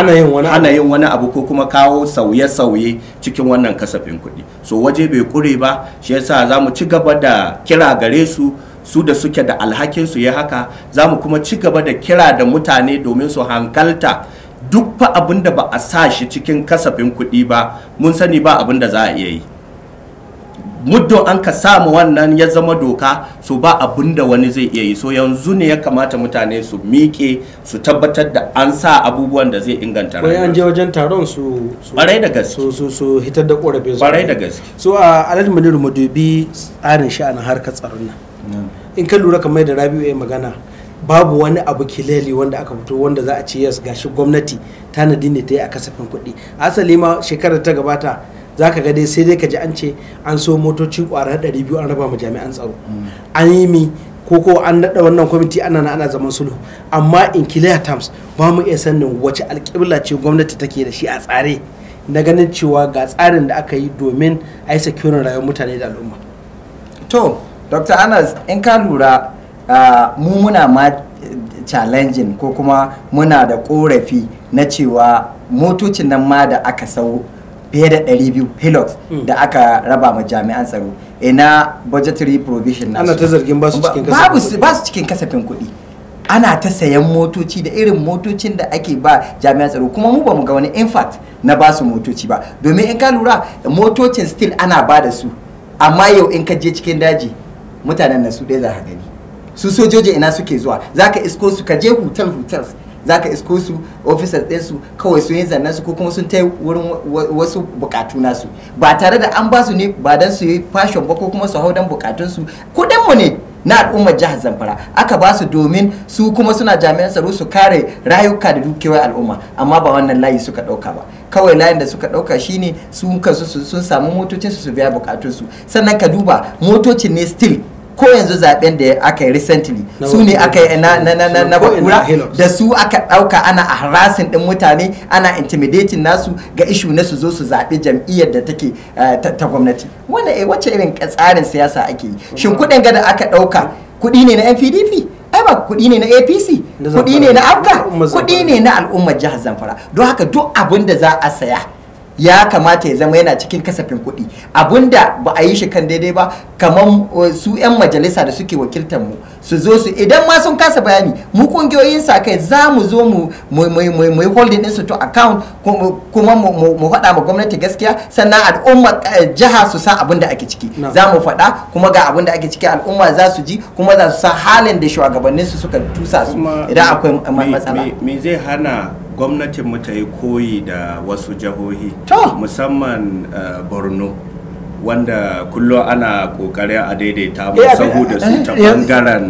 hana yin wani abu ko kuma kawo sauye-sauye cikin wannan kasafin kuɗi so waje bai kure ba shi yasa za mu ci gaba da kira gare su su da suke da alhakin su ya haka za mu kuma ci gaba da kira da mutane domin su hankalta duk fa abin da ba a sa shi cikin kasafin kuɗi ba mun sani ba abin da za a iya yi muddo an ka samu wannan ya zama doka su ba abin da wani zai iya yi so yanzu ne ya kamata mutane su miƙe su tabbatar da an sa abubuwan da zai inganta rayuwa an je wajen taron su barai da gaske su su hitar da korafe su barai da gaske so a alhaji manir mu tsarin sha'anin harkar tsaron nan in ka lura kamar da Rabi'u ya magana babu wani abu kileli wanda aka fito wanda za a ce yas gashi gwamnati tanadi ne ta yi a kasafin kuɗi asali ma shekarar ta gabata za ka dai sai dai ka ji an ce an so motoci kwara biyu an raba ma jami'an tsaro an yi mi ko ko an naɗa wannan kwamiti ana na ana zaman sulhu amma in clear terms ba mu iya sanin wace alƙibla ce gwamnati take da shi a tsare na ganin cewa ga tsarin da aka yi domin a yi securing rayuwar mutane da al'umma to dr anas in ka lura ah, mu muna ma challenging ko kuma muna da korafi na cewa motocin nan ma da aka sau fiye da 200 hillocks hmm. da aka raba ma jami'an tsaro ina budgetary provision nasu ana ta zargin ba su cikin kasafin kuɗi ba su cikin kasafin kuɗi ana ta sayan motoci da irin motocin da ake ba jami'an tsaro kuma mu ba mu ga wani infact na ba su motoci ba domin in ka lura motocin still ana ba da su amma yau in ka je cikin daji mutanen na su dai za ka gani su sojoji ina suke zuwa za ka isko su ka je hotel hotels zaka isko su officers ɗin su kawai su yin zannan su ko kuma sun tai wurin wasu bukatu nasu ba tare da an ba su ne ba dan su yi fashion ba ko kuma su hau dan bukatun su kudin mu ne na al'ummar jihar zamfara aka ba su domin su kuma suna jami'an tsaro su kare rayuka da dukiyar al'umma amma ba wannan layi suka ɗauka ba kawai layin da suka ɗauka shine su kansu sun samu motocin su su biya bukatun su sannan ka duba motocin ne still ko yanzu zaben da aka yi recently su ne aka yi na na na na bakura da su aka ɗauka ana a harasin ɗin mutane ana intimidating nasu ga ishu na su zo su zaɓi jam'iyyar da take eh, ta gwamnati wanda eh wacce irin tsarin siyasa ake yi shin kuɗin gada aka ɗauka kuɗi ne na NPDP ai ba kuɗi ne na apc kuɗi ne na afka kuɗi ne na al'ummar jihar zamfara don haka duk abin da za a saya ya kamata ya zama yana cikin kasafin kuɗi abinda ba a yi shi kan daidai ba kamar uh, su 'yan majalisa da suke wakiltar mu su zo su idan ma sun kasa bayani mu kungiyoyin sa kai za mu zo mu yi holding din su to account kuma mu faɗa ma gwamnati gaskiya sannan al'umma eh, jiha su san abin da ake ciki za mu faɗa kuma ga abin da ake ciki al'umma za su ji kuma za su san halin da shugabannin su suka tusa su idan akwai matsala me zai hana gwamnatin mu ta yi koyi da wasu jihohi musamman eh, borno wanda kullum ana kokarin a daidaita sahu eh, da su eh, ta bangaren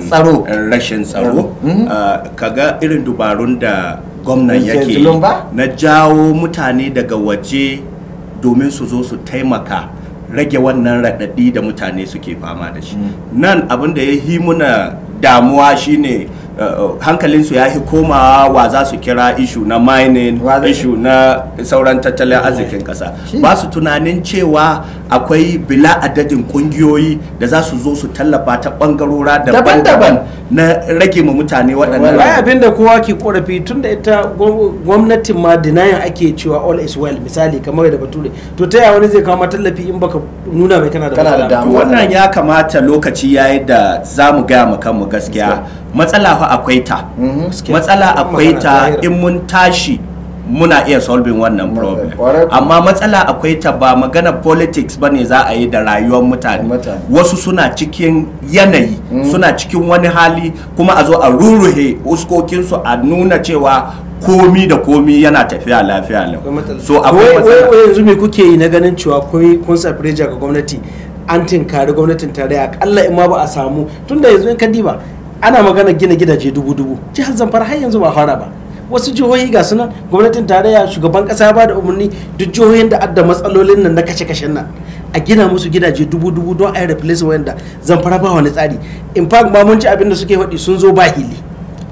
rashin tsaro mm-hmm. kaga irin dubarun da gwamnan yake na jawo mutane daga waje domin su zo su taimaka rage wannan raɗaɗi da mutane suke fama da shi mm. nan abin da ya himuna damuwa shine Uh, uh, hankalinsu ya fi komawa wa za su kira ishu na mining ishu na sauran tattalin arzikin kasa ba su tunanin cewa akwai bila adadin kungiyoyi da za su zo su tallafa ta bangarora daban-daban na rage ma mutane waɗannan ba abin da kowa ke korafi tun da ita gwamnatin ma denying ake cewa all is well misali kamar da bature to ta yaya wani zai kama tallafi in baka nuna mai kana da wannan ya kamata lokaci yayi da za mu gaya mu kanmu gaskiya matsala fa akwai ta mhm, matsala akwai ta in mun tashi muna iya solving wannan problem amma matsala akwai ta ba magana politics ba ne za a yi da rayuwar mutane wasu suna cikin yanayi mhm. suna cikin wani hali kuma a zo a ruruhe uskokinsu a nuna cewa komi da komi yana tafiya lafiya lau so akwai matsala yanzu me kuke yi na ganin cewa komi kun ga gwamnati an tinkari gwamnatin tarayya akalla in ma ba a samu tunda yanzu in ka diba ana magana gina gidaje dubu dubu jihar zamfara har yanzu ba fara ba wasu jihohi ga sunan gwamnatin tarayya shugaban kasa ba da umarni duk jihohin da adda matsalolin nan na kashe kashen nan a gina musu gidaje dubu dubu don a yi replace wanda zamfara ba wani tsari in fact ma mun ci abin da suke faɗi sun zo ba hili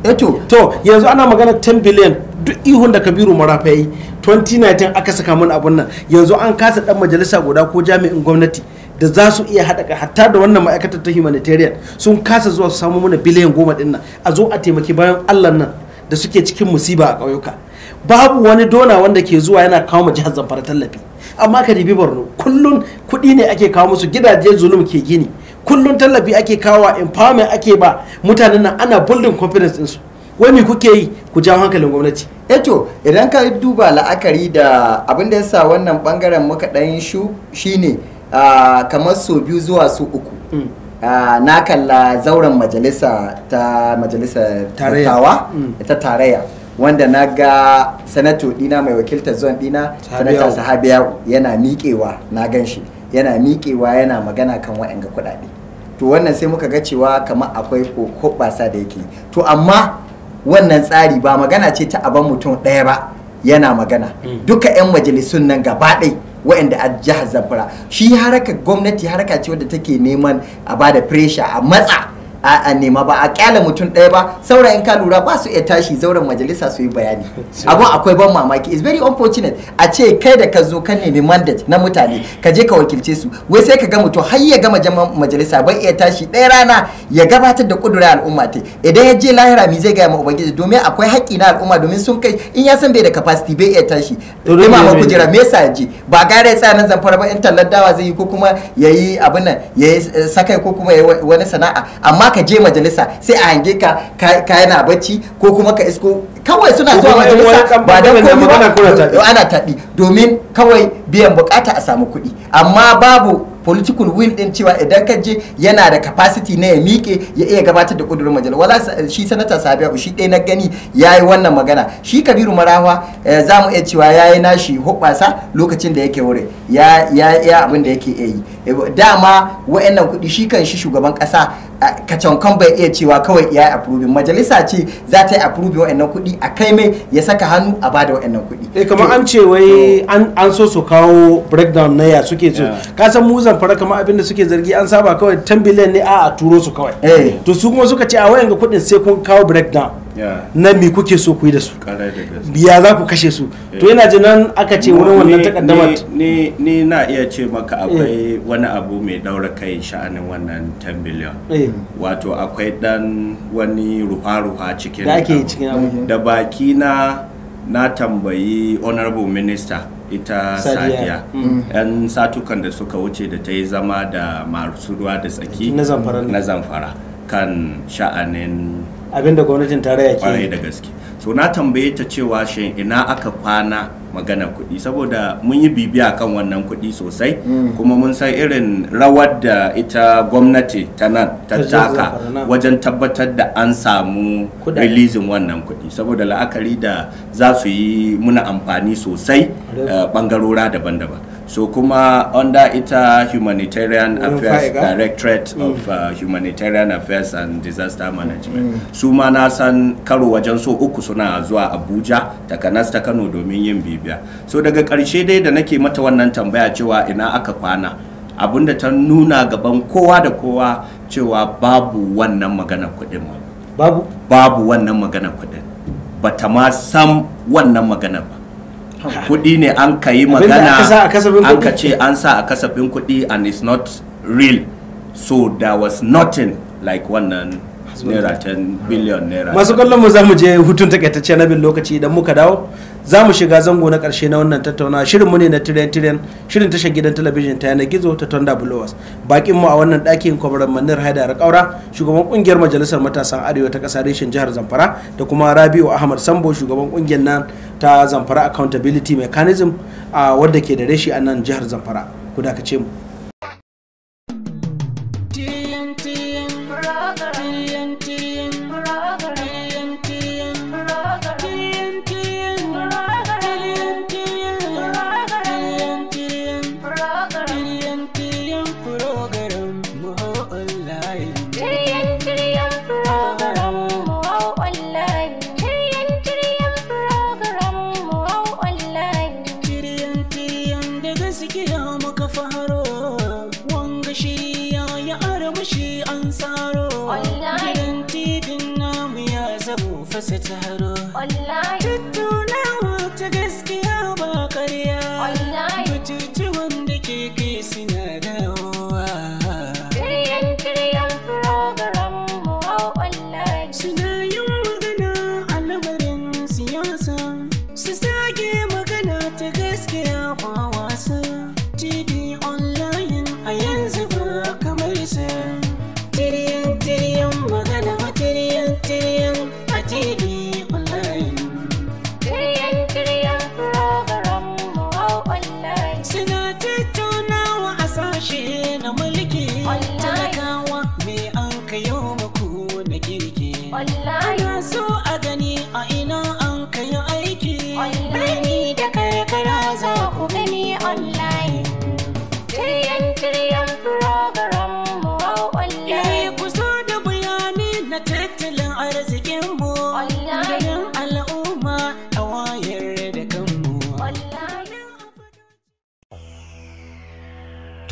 eto eh to yanzu ana magana 10 billion duk ihun da kabiru marafa yi 2019 aka saka mun abun nan yanzu an kasa dan majalisa guda ko jami'in gwamnati da za su iya haɗa hatta da wannan ma'aikatar ta humanitarian sun kasa zuwa su samu mana biliyan goma ɗin nan a zo a taimaki bayan allah nan da suke cikin musiba a ƙauyuka babu wani dona wanda ke zuwa yana kawo ma jihar zamfara tallafi amma ka ribi borno kullum kuɗi ne ake kawo musu gidaje zulum ke gini kullum tallafi ake kawo empowerment ake ba mutanen nan ana building confidence ɗinsu wani kuke yi ku jawo hankalin gwamnati eto eh idan ka duba la'akari da abin da ya sa wannan bangaren muka ɗan shu shine kamar so biyu zuwa su uku mm. na kalla zauren majalisa ta majalisa tawa mm. ta tarayya wanda na ga sanato dina mai wakiltar zuwan dina sanata sahabiya yana miƙewa na gan shi yana miƙewa yana magana kan ga kuɗaɗe to wannan sai muka ga cewa kamar akwai basa da yake to amma wannan tsari ba magana ce ta aban mutum ɗaya ba yana magana mm. duka 'yan majalisun nan gaba ɗaya. waɗanda a jihar Zamfara shi haraka gwamnati haraka ce wadda take neman a bada pressure a matsa a nema ba a kyale mutum ɗaya ba saurayin ka lura ba su iya tashi zauren majalisa su yi bayani abun akwai ban mamaki is very unfortunate a ce kai da ka zo kan nemi mandate na mutane ka je ka wakilce su wai sai ka ga mutum har ya gama majalisa ba iya tashi ɗaya rana ya gabatar da kudura al'umma ta idan ya je lahira mi zai gaya ma ubangiji domin akwai haƙƙi na al'umma domin sun kai in ya san bai da capacity bai iya tashi ima ma kujera me yasa ji ba gare ya tsaya nan zamfara ba in tallar dawa zai yi ko kuma yayi abin nan yayi eh, sakai ko kuma yayi wani sana'a amma ka je majalisa sai a hange ka ka yana bacci ko kuma ka isko kawai suna zuwa majalisa ba da komi ba ana taɗi domin kawai biyan bukata a samu kuɗi amma babu political will din cewa idan ka je yana da capacity na ya miƙe ya iya gabatar da kudurin majalisa wala shi sanata sabiya shi ɗaya na gani yayi wannan magana shi kabiru marawa eh, za mu iya cewa ya nashi hoɓasa lokacin da yake wuri ya ya abin da yake iya yi eh, dama wa'annan kuɗi shi kan shi shugaban ƙasa kacankan bai iya cewa kawai ya yi approving majalisa ce za ta yi approving wa'annan kuɗi a kai mai ya saka hannu a bada wa'annan kuɗi. Eh, kamar an ce wai an so su kawo breakdown na ya suke so kasan mu fara kamar abinda suke zargi an saba kawai 10 biliyan ne a a turo su kawai eh. to su kuma suka ce a wayan ga kudin sai kun kawo breakdown na me kuke so kuyi da su biya za ku kashe su eh. to yana ji nan aka ce wurin wannan takaddamar ni ni na iya ce maka eh. akwai wani abu mai daura kai sha'anin wannan 10 biliyan wato akwai dan wani ruha-ruha cikin da baki na na tambayi honorable minister ita sadiya mm. yan satukan da suka wuce da ta yi zama da masu ruwa da tsaki na zamfara kan sha'anin abinda gwamnatin tarayya ke yi da gaske so na tambaye ta cewa shi ina aka kwana magana kuɗi saboda mun yi bibiya kan wannan kuɗi sosai mm. kuma mun san irin rawar da ita gwamnati ta nan ta taka wajen tabbatar da an samu releasing wannan kuɗi saboda la'akari da za su yi muna amfani sosai bangarora eh, daban-daban so kuma under ita humanitarian affairs directorate mm. of uh, humanitarian affairs and disaster management mm. su ma na san karo wajen so uku suna zuwa abuja takanas ta kano domin yin bibiya so daga karshe dai da nake mata wannan tambaya cewa ina aka kwana abinda ta nuna gaban kowa da kowa cewa babu wannan magana kuɗin babu babu wannan magana ba bata ma san wannan magana ba kuɗi ne an ka yi magana an ka ce an sa a kasafin kuɗi and it's not real so there was nothing like wannan naira 10 biliyon naira masu kallon mu za mu je hutun takaitacce na bin lokaci idan muka dawo za mu shiga zango na karshe na wannan tattauna shirin mu ne na tiren tiren shirin tashar gidan talabijin ta yanar gizo ta tonda blowers. bakin mu a wannan ɗakin kwamaran manir haidar kaura shugaban kungiyar majalisar matasan arewa ta ƙasa reshen jihar zamfara da kuma rabiu ahmad sambo shugaban kungiyar nan ta zamfara accountability mechanism a wadda ke da reshi a nan jihar zamfara ku dakace mu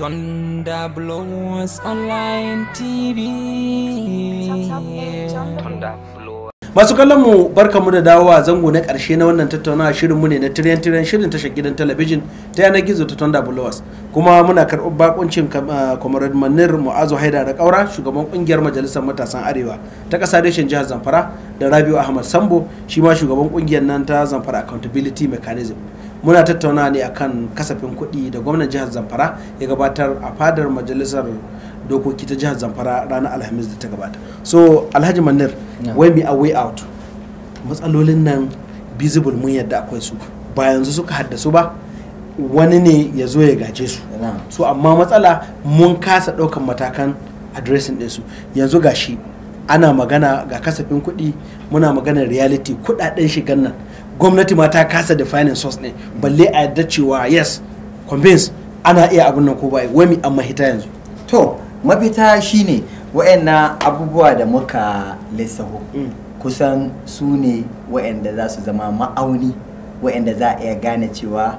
Tonda Blowers Online TV. Masu kallon mu barkamu da dawowa zango na ƙarshe na wannan tattaunawa shirinmu ne na tiryan tiryan shirin tashar gidan talabijin ta yanar gizo ta tonda Blowers. Kuma muna karɓar bakuncin ah, Comrade Manir Mu'azu Haidara da Kaura shugaban ƙungiyar Majalisar Matasan Arewa ta ƙasa reshen jihar Zamfara da Rabiu Ahmad Sambo shi ma shugaban ƙungiyar nan ta Zamfara Accountability Mechanism. muna tattauna ne akan kasafin kuɗi da gwamnan jihar zamfara ya gabatar a fadar majalisar dokoki ta jihar zamfara ranar alhamis da ta gabata so alhaji manir wai bi a way out matsalolin nan visible mun yadda akwai su ba yanzu suka haddasu ba wani ne ya zo ya gaje su so amma matsala mun kasa ɗaukan matakan addressing ɗinsu yanzu gashi ana magana ga kasafin kuɗi muna magana reality kuɗaɗen shigan nan gwamnati ma ta kasa finance source ne balle a yadda cewa yes convince ana iya abun nan ko bai wai amma hita yanzu to mafita shine wa'annan abubuwa da muka lissaho mm. kusan su ne wa'anda za su zama ma'auni wa'anda za a iya gane cewa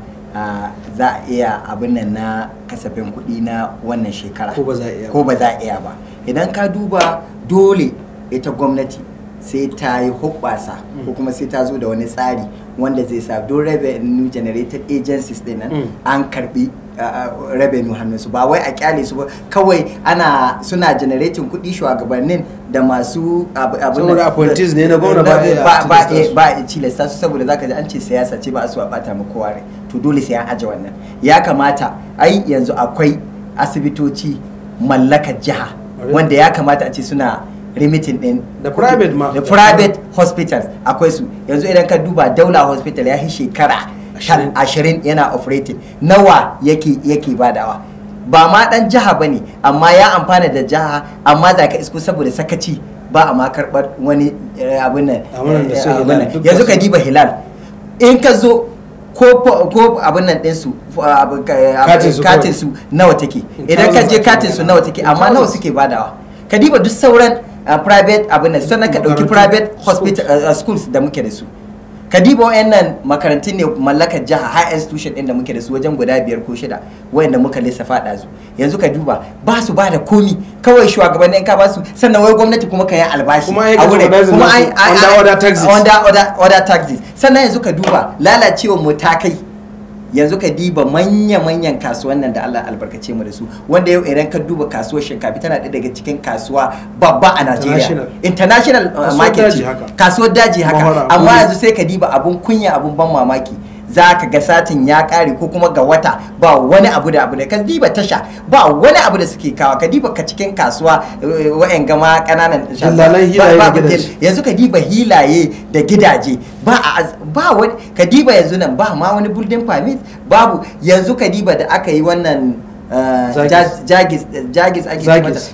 za a iya abin nan na kasafin kuɗi na wannan shekara ko ba za a iya ba idan ka duba dole ita gwamnati sai ta yi hoɓɓasa ko kuma sai ta zo da wani tsari wanda zai sa don revenue generated agencies din nan mm. an karbi revenue hannunsu ba wai a kyale su ba kawai ana suna generating kuɗi shugabannin da masu abin da appointees ne na gwamna ba ba ba cilasta eh, su saboda zaka ji an ce siyasa ce ba a a bata mu kowa rai to dole sai an aje wannan ya kamata ai yanzu akwai asibitoci mallakar jiha wanda ya kamata a ce suna remitting din da private ma da private hospitals akwai su yanzu idan ka duba daula hospital ya yi shekara ashirin yana operating nawa yake yake badawa ba ma dan jiha bane amma ya amfana da jiha amma za ka isko saboda sakaci ba a ma karɓar wani eh, abin eh, nan yanzu ka diba hilal in ka zo ko abin nan ɗinsu ah, katin su nawa take idan ka je katin su nawa take amma nawa suke badawa ka diba duk sauran uh, private abin nan sannan ka ɗauki private hospital uh, uh, schools da muke da su ka diba nan makarantun ne mallakar jiha high institution din da muke da su wajen guda biyar ko shida wayanda muka faɗa su yanzu ka duba ba su ba da komi kawai shugabannin ka ba su sannan wai gwamnati kuma ka yi albashi a wurin kuma ai order taxes sannan yanzu ka duba lalacewar matakai yanzu ka diba manya-manyan kasuwan nan da Allah albarkace mu da su wanda yau idan ka duba kasuwar shinkafi tana ɗaya daga cikin kasuwa babba a Najeriya international uh, market kasuwar daji haka amma mm. yanzu sai ka diba abun kunya abun ban mamaki za ka ga satin ya kare ko kuma ga wata ba wani abu da abu da ka diba tasha ba wani abu da suke kawa ka diba ka cikin kasuwa wa'yan gama kananan yanzu ka diba hilaye da gidaje ba a ba wani ka diba yanzu nan ba ma wani buldin permit babu yanzu ka diba da aka yi wannan eh, jagis ni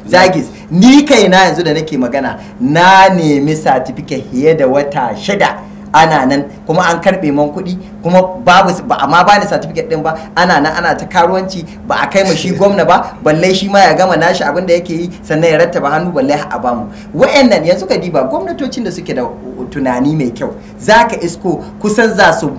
jagis ni yanzu da nake magana na nemi certificate fiye da wata shida ana nan kuma an karbe man kuɗi kuma babu ba amma ba ni certificate din ba ana nan ana ta karuwanci ba a kai ma shi gwamna ba balle shi ma ya gama nashi abin da yake yi sannan ya rattaba hannu balle a bamu wa'annan yanzu ka diba gwamnatocin da suke da tunani mai kyau zaka isko kusan za su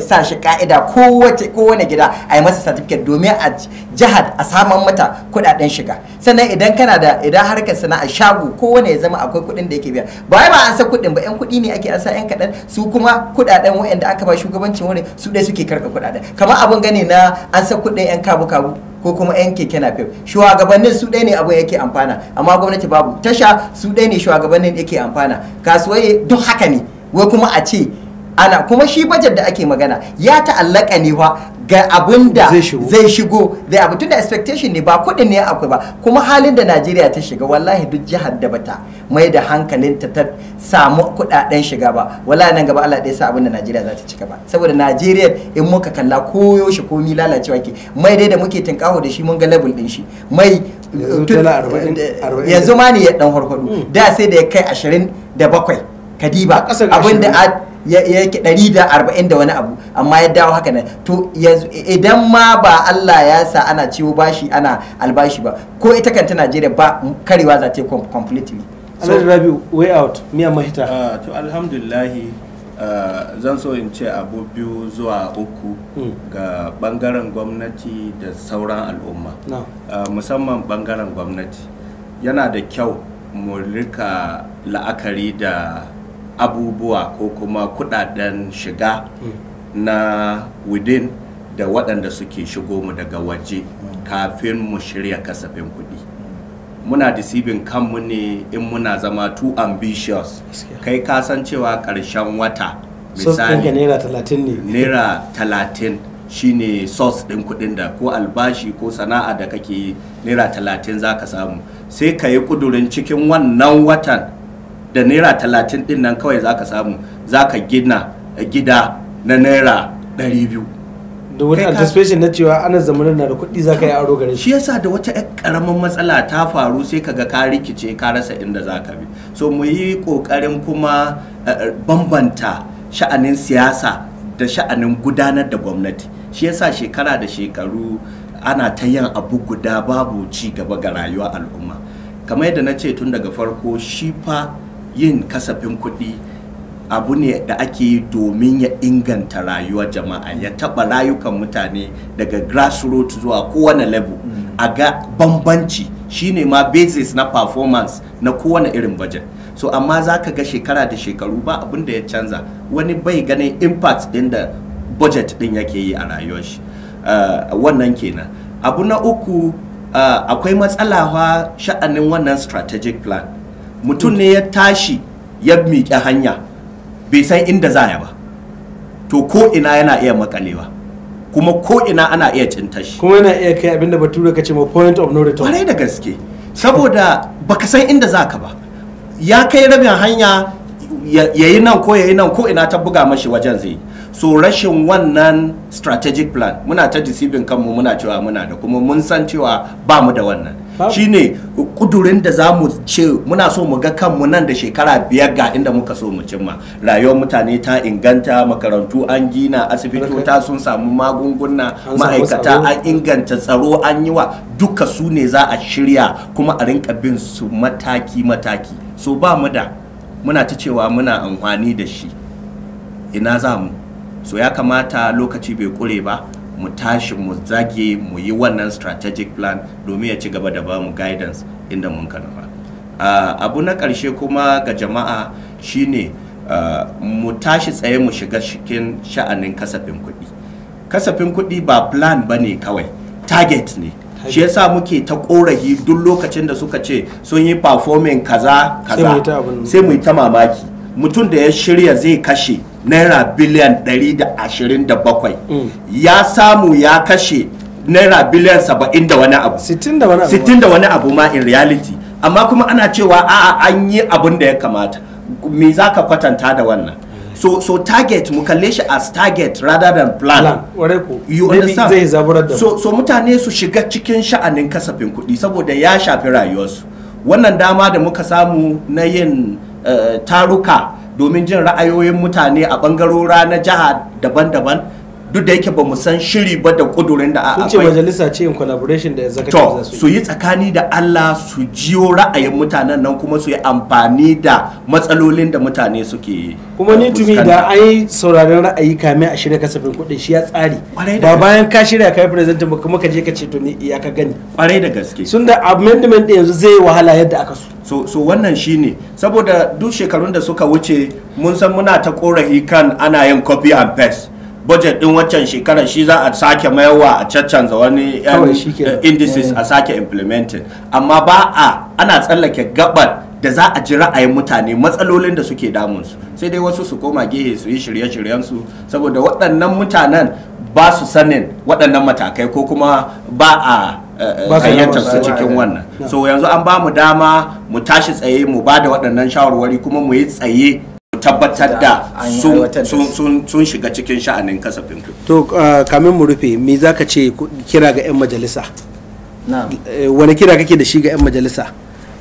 sa shi ka'ida kowane gida a yi masa certificate domin a jihar a saman mata kudaden shiga sannan idan kana da idan harkar sana'a shago kowane ya zama akwai kuɗin da yake biya ba ba an sa kuɗin ba yan kuɗi ne ake an sa yan kadan su kuma kudaden waɗanda aka ba shugabancin wani su dai suke karɓa kudaden kamar abin gani na an sa kuɗin yan kabu kabu ko kuma yan keke napep shugabannin su ɗaya ne abin yake amfana amma gwamnati babu tasha su ɗaya ne shugabannin yake amfana kasuwai duk haka ne wai kuma a ce ana kuma shi bajet da ake magana ya ta'allaka ne fa ga abin da zai shigo zai abin da expectation ne ba kuɗin ne akwai ba kuma halin da najeriya ta shiga wallahi duk jihar da bata mai da hankalin ta ta samu kudaden shiga ba wallahi nan gaba allah dai sa abin da najeriya za ta cika ba saboda najeriya in muka kalla koyo shi ni lalacewa ke mai dai da muke tinkaho da shi mun ga level din shi mai yanzu ma ne ya dan harhaɗu hmm. da sai da ya kai ashirin da bakwai kadiba abinda ya yake 140 da wani abu amma ya dawo haka nan to idan ma ba Allah ya sa ana ciwo bashi ana albashi ba ko ita kanta Najeriya ba karewa za ta completely so Rabi, way out miya mahita ah, to alhamdulillah ah, zan so in ce abu biyu zuwa uku hmm. ga bangaren gwamnati da sauran al'umma ah, musamman bangaren gwamnati yana da kyau mu rika la'akari da abubuwa ko kuma kudaden shiga na within da waɗanda suke shigo mu daga waje kafin mu shirya kasafin kuɗi muna deceiving kanmu ne in muna zama too ambitious kai kasan cewa ƙarshen wata misali naira talatin ne naira talatin shine source ɗin kuɗin da ko albashi ko sana'a da kake naira talatin za ka samu sai ka yi ƙudurin cikin wannan watan da naira talatin din nan kawai zaka samu zaka gina gida na naira ɗari biyu da wani anticipation na cewa ana zamanin na da kuɗi za ka yi aro gare shi yasa da wata ƴar ƙaramin matsala ta faru sai ka ga ka rikice ka rasa inda za ka bi so mu yi ƙoƙarin kuma eh, eh, bambanta sha'anin siyasa da sha'anin gudanar da gwamnati shi yasa shekara da shekaru ana ta yin abu guda babu ci gaba ga rayuwar al'umma kamar yadda na ce tun daga farko shi fa yin kasafin kuɗi abu ne da ake yi domin ya inganta rayuwar jama'a ya taɓa rayukan mutane daga grassroots zuwa kowane level mm. a ga bambanci shine ma basis na performance na kowane irin budget so amma za ka ga shekara da shekaru ba abin da ya canza wani bai ganin impact din da budget din yake yi a rayuwar shi eh, wannan kenan abu na uku eh, akwai matsalawa sha'anin wannan strategic plan mutum ne ya tashi ya miƙe hanya bai san inda za ya ba to ko ina yana iya makalewa kuma ko ina ana iya cintashi. kuma yana iya kai abinda bature ka ce ma point of no return kwarai da gaske saboda baka san inda za ka ba ya kai rabin hanya ya yi nan ko ya yi nan ko ina ta buga mashi wajen zai so rashin wannan strategic plan muna ta deceiving kanmu muna cewa muna da kuma mun san cewa ba mu da wannan shine kudurin da za mu ce muna so mu ga kanmu nan da shekara biyar ga inda muka so mu cimma rayuwar mutane ta inganta makarantu an gina asibitota sun samu magunguna ma'aikata an inganta tsaro an yi wa duka su ne za a shirya kuma a rinka bin su mataki mataki so ba mu da muna ta cewa muna amfani da shi ina za mu so ya kamata lokaci bai kure ba mu tashi mu zage mu yi wannan strategic plan domin ya ci gaba da ba mu guidance inda mun kan nufa abu na ƙarshe kuma ga jama'a shine mu tashi tsaye mu shiga cikin sha'anin kasafin kuɗi kasafin kuɗi ba plan ba ne kawai target ne shi yasa muke ta ƙorafi duk lokacin da suka ce sun yi performing kaza kaza sai mu yi ta mamaki mutum da ya shirya zai kashe naira biliyan 127 mm. ya samu ya kashe naira biliyan 70 da wani abu 60 da wani abu ma in reality amma kuma ana cewa a'a an yi abin da ya kamata me za ka kwatanta da wannan so so target mu kalle shi as target rather than plan you understand so so mutane su shiga cikin sha'anin kasafin kuɗi saboda ya shafi rayuwarsu wannan dama da muka samu na yin Eh, taruka domin jin ra'ayoyin mutane a bangarora na jiha daban-daban duk da yake ba mu san shiri ba da kudurin da a akwai ce majalisa ce in collaboration da executive to su yi tsakani da Allah su jiyo ra'ayin mutanen nan kuma su yi amfani da matsalolin da mutane suke kuma ni tumi da an yi sauraron ra'ayi kamin a shirya kasafin kuɗin shi ya tsari ba bayan ka shirya kai presentin ba kuma ka je ka ce to ni ya ka gani kwarai da gaske sun da amendment din yanzu zai wahala yadda aka so so, so wannan shine saboda duk shekarun da suka wuce mun san muna ta korafi kan ana yin copy and paste budget din waccan shekarar shi za a sake mayarwa a caccanza wani eh, indices eh. a sake implementing amma ba a ana tsallake gabar da za a ji ra'ayin mutane matsalolin da suke damunsu sai dai wasu su koma gehe su yi shirye su saboda waɗannan mutanen ba su sanin waɗannan matakai ko kuma ba a kayyantar eh, su cikin wannan so yanzu an ba mu dama mu tashi tsaye mu ba da waɗannan shawarwari kuma mu yi tsaye tabbatar da sun shiga cikin sha'anin kasafin ku. to uh, kamin mu rufe me za ka ce kira ga 'yan majalisa eh, wani kira kake da shi ga 'yan majalisa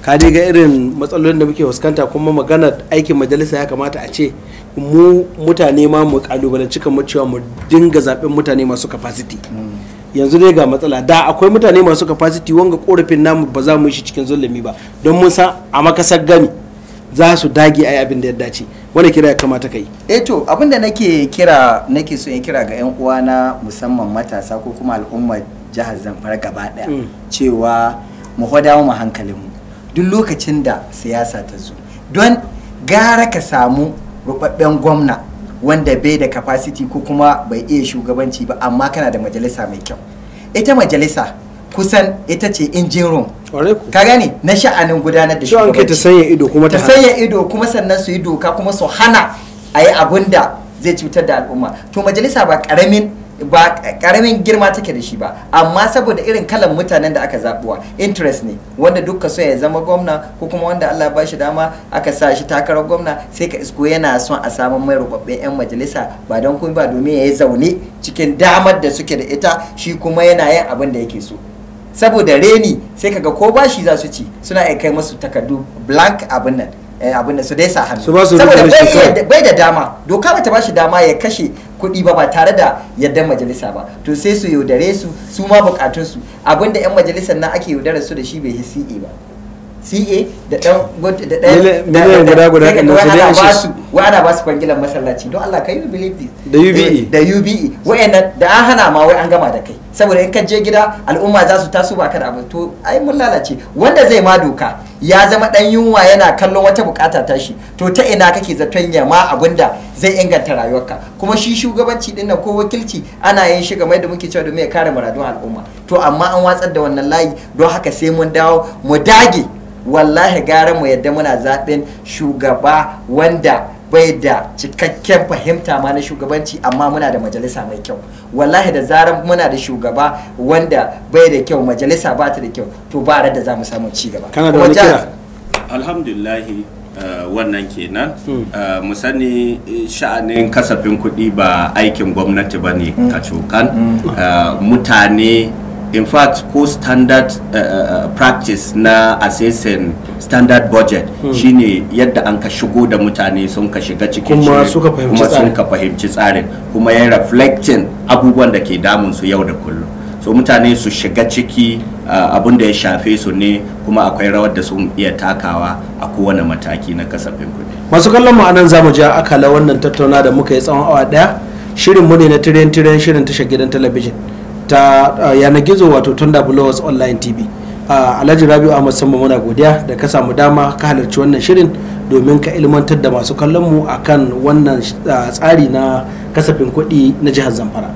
ka dai ga irin matsalolin da muke fuskanta kuma maganar aikin majalisa ya kamata a ce mu mutane ma mu kalubalanci kamar cewa mu dinga zaben mutane masu capacity hmm. yanzu dai ga matsala da akwai mutane masu capacity wanga korafin namu ba za mu yi shi cikin zulumi ba don mun san a makasar gami za su dage a abin da ya dace wani kira ya kamata kai eh to abin da nake kira nake so in kira ga yan uwa na musamman matasa ko kuma al'ummar jihar Zamfara gaba daya mm. cewa mu hodawo mu hankalinmu duk lokacin da siyasa ta zo don gara ka samu rubabben gwamna wanda bai da capacity ko kuma bai iya shugabanci ba amma kana da majalisa mai kyau ita majalisa kusan ita ce injin room ka gani na sha'anin gudanar da shugabanci ta sanya ido kuma ta sanya ido kuma sannan su yi doka kuma su hana a yi abin da zai cutar da al'umma to majalisa ba karamin ba karamin girma take da shi ba amma saboda irin kalan mutanen da aka zabuwa interest ne wanda duk so ya zama gwamna ko kuma wanda Allah ba shi dama aka sa shi takarar gwamna sai ka isko yana son a samu mai rubabben yan majalisa ba don kuma ba domin ya yi zaune cikin damar da suke da ita shi kuma yana yin abin da yake so saboda reni sai kaga ko bashi za su ci suna iya kai masu takardu blank abin nan eh, abin da su dai sa hannu saboda bai da dama doka bata ba shi dama ya kashe kuɗi ba ba tare da yardar majalisa ba to sai su yaudare su su ma bukatun su abinda yan majalisar nan ake yaudarar su da shi bai CA ba CA da dan da dan miliyan guda guda kan su su wa ana ba su kwangilan masallaci don Allah kai you believe this da UBE da UBE wayannan da an hana ma wai an gama da kai saboda in ka je gida al'umma za su taso ba kada abu to ai mun lalace wanda zai ma doka ya zama dan yunwa yana kallon wata bukata ta shi to ta ina kake zaton ya ma abinda zai inganta rayuwarka kuma shi shugabanci din ko wakilci ana yin shi mai da muke cewa domin ya kare muradun al'umma to amma an watsar da wannan layi don haka sai mun dawo mu dage wallahi gara mu yadda muna zaɓin shugaba wanda bai da cikakken fahimta ma na shugabanci amma muna da majalisa mai kyau wallahi da zarar muna da shugaba wanda bai da kyau majalisa ba ta da kyau to ba da za mu samu ci gaba kana da wani eh, wannan kenan hmm. eh, mu sani eh, sha'anin kasafin kuɗi ba aikin gwamnati ba ne hmm. kacokan cokan hmm. mutane in fact ko standard uh, uh, uh, practice na assessing standard budget hmm. shine yadda an ka shigo da mutane sun ka shiga cikin kuma sun ka fahimci tsarin kuma ya reflecting abubuwan da ke damun su yau da kullum so mutane su shiga ciki uh, abun da ya shafe su ne kuma akwai rawar da sun iya takawa a kowane mataki na kasafin kuɗi masu kallon mu anan zamu ja akala wannan tattauna da muka yi tsawon awa daya shirin mu ne na tiren tiren shirin tashar gidan talabijin ta uh, yanar gizo wato tunda blowers online tv uh, alhaji rabiu ahmad samma muna godiya da ka samu dama ka halarci wannan shirin domin ka ilmantar da masu kallon mu akan wannan uh, tsari na kasafin kuɗi na jihar zamfara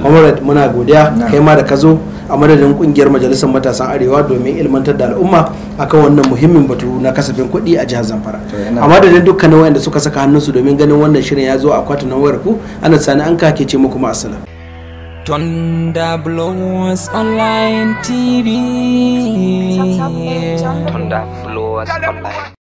comrade muna godiya kai ma da ka zo a madadin kungiyar majalisar matasan arewa domin ilmantar da al'umma akan wannan muhimmin batu na kasafin kuɗi a jihar zamfara a madadin dukkanin wayanda suka saka hannunsu domin ganin wannan shirin ya zo a kwatunan wayar ku ana sani an ka ke ce muku ma'asala Thunder Blowers Online TV. Thunder Blowers Online.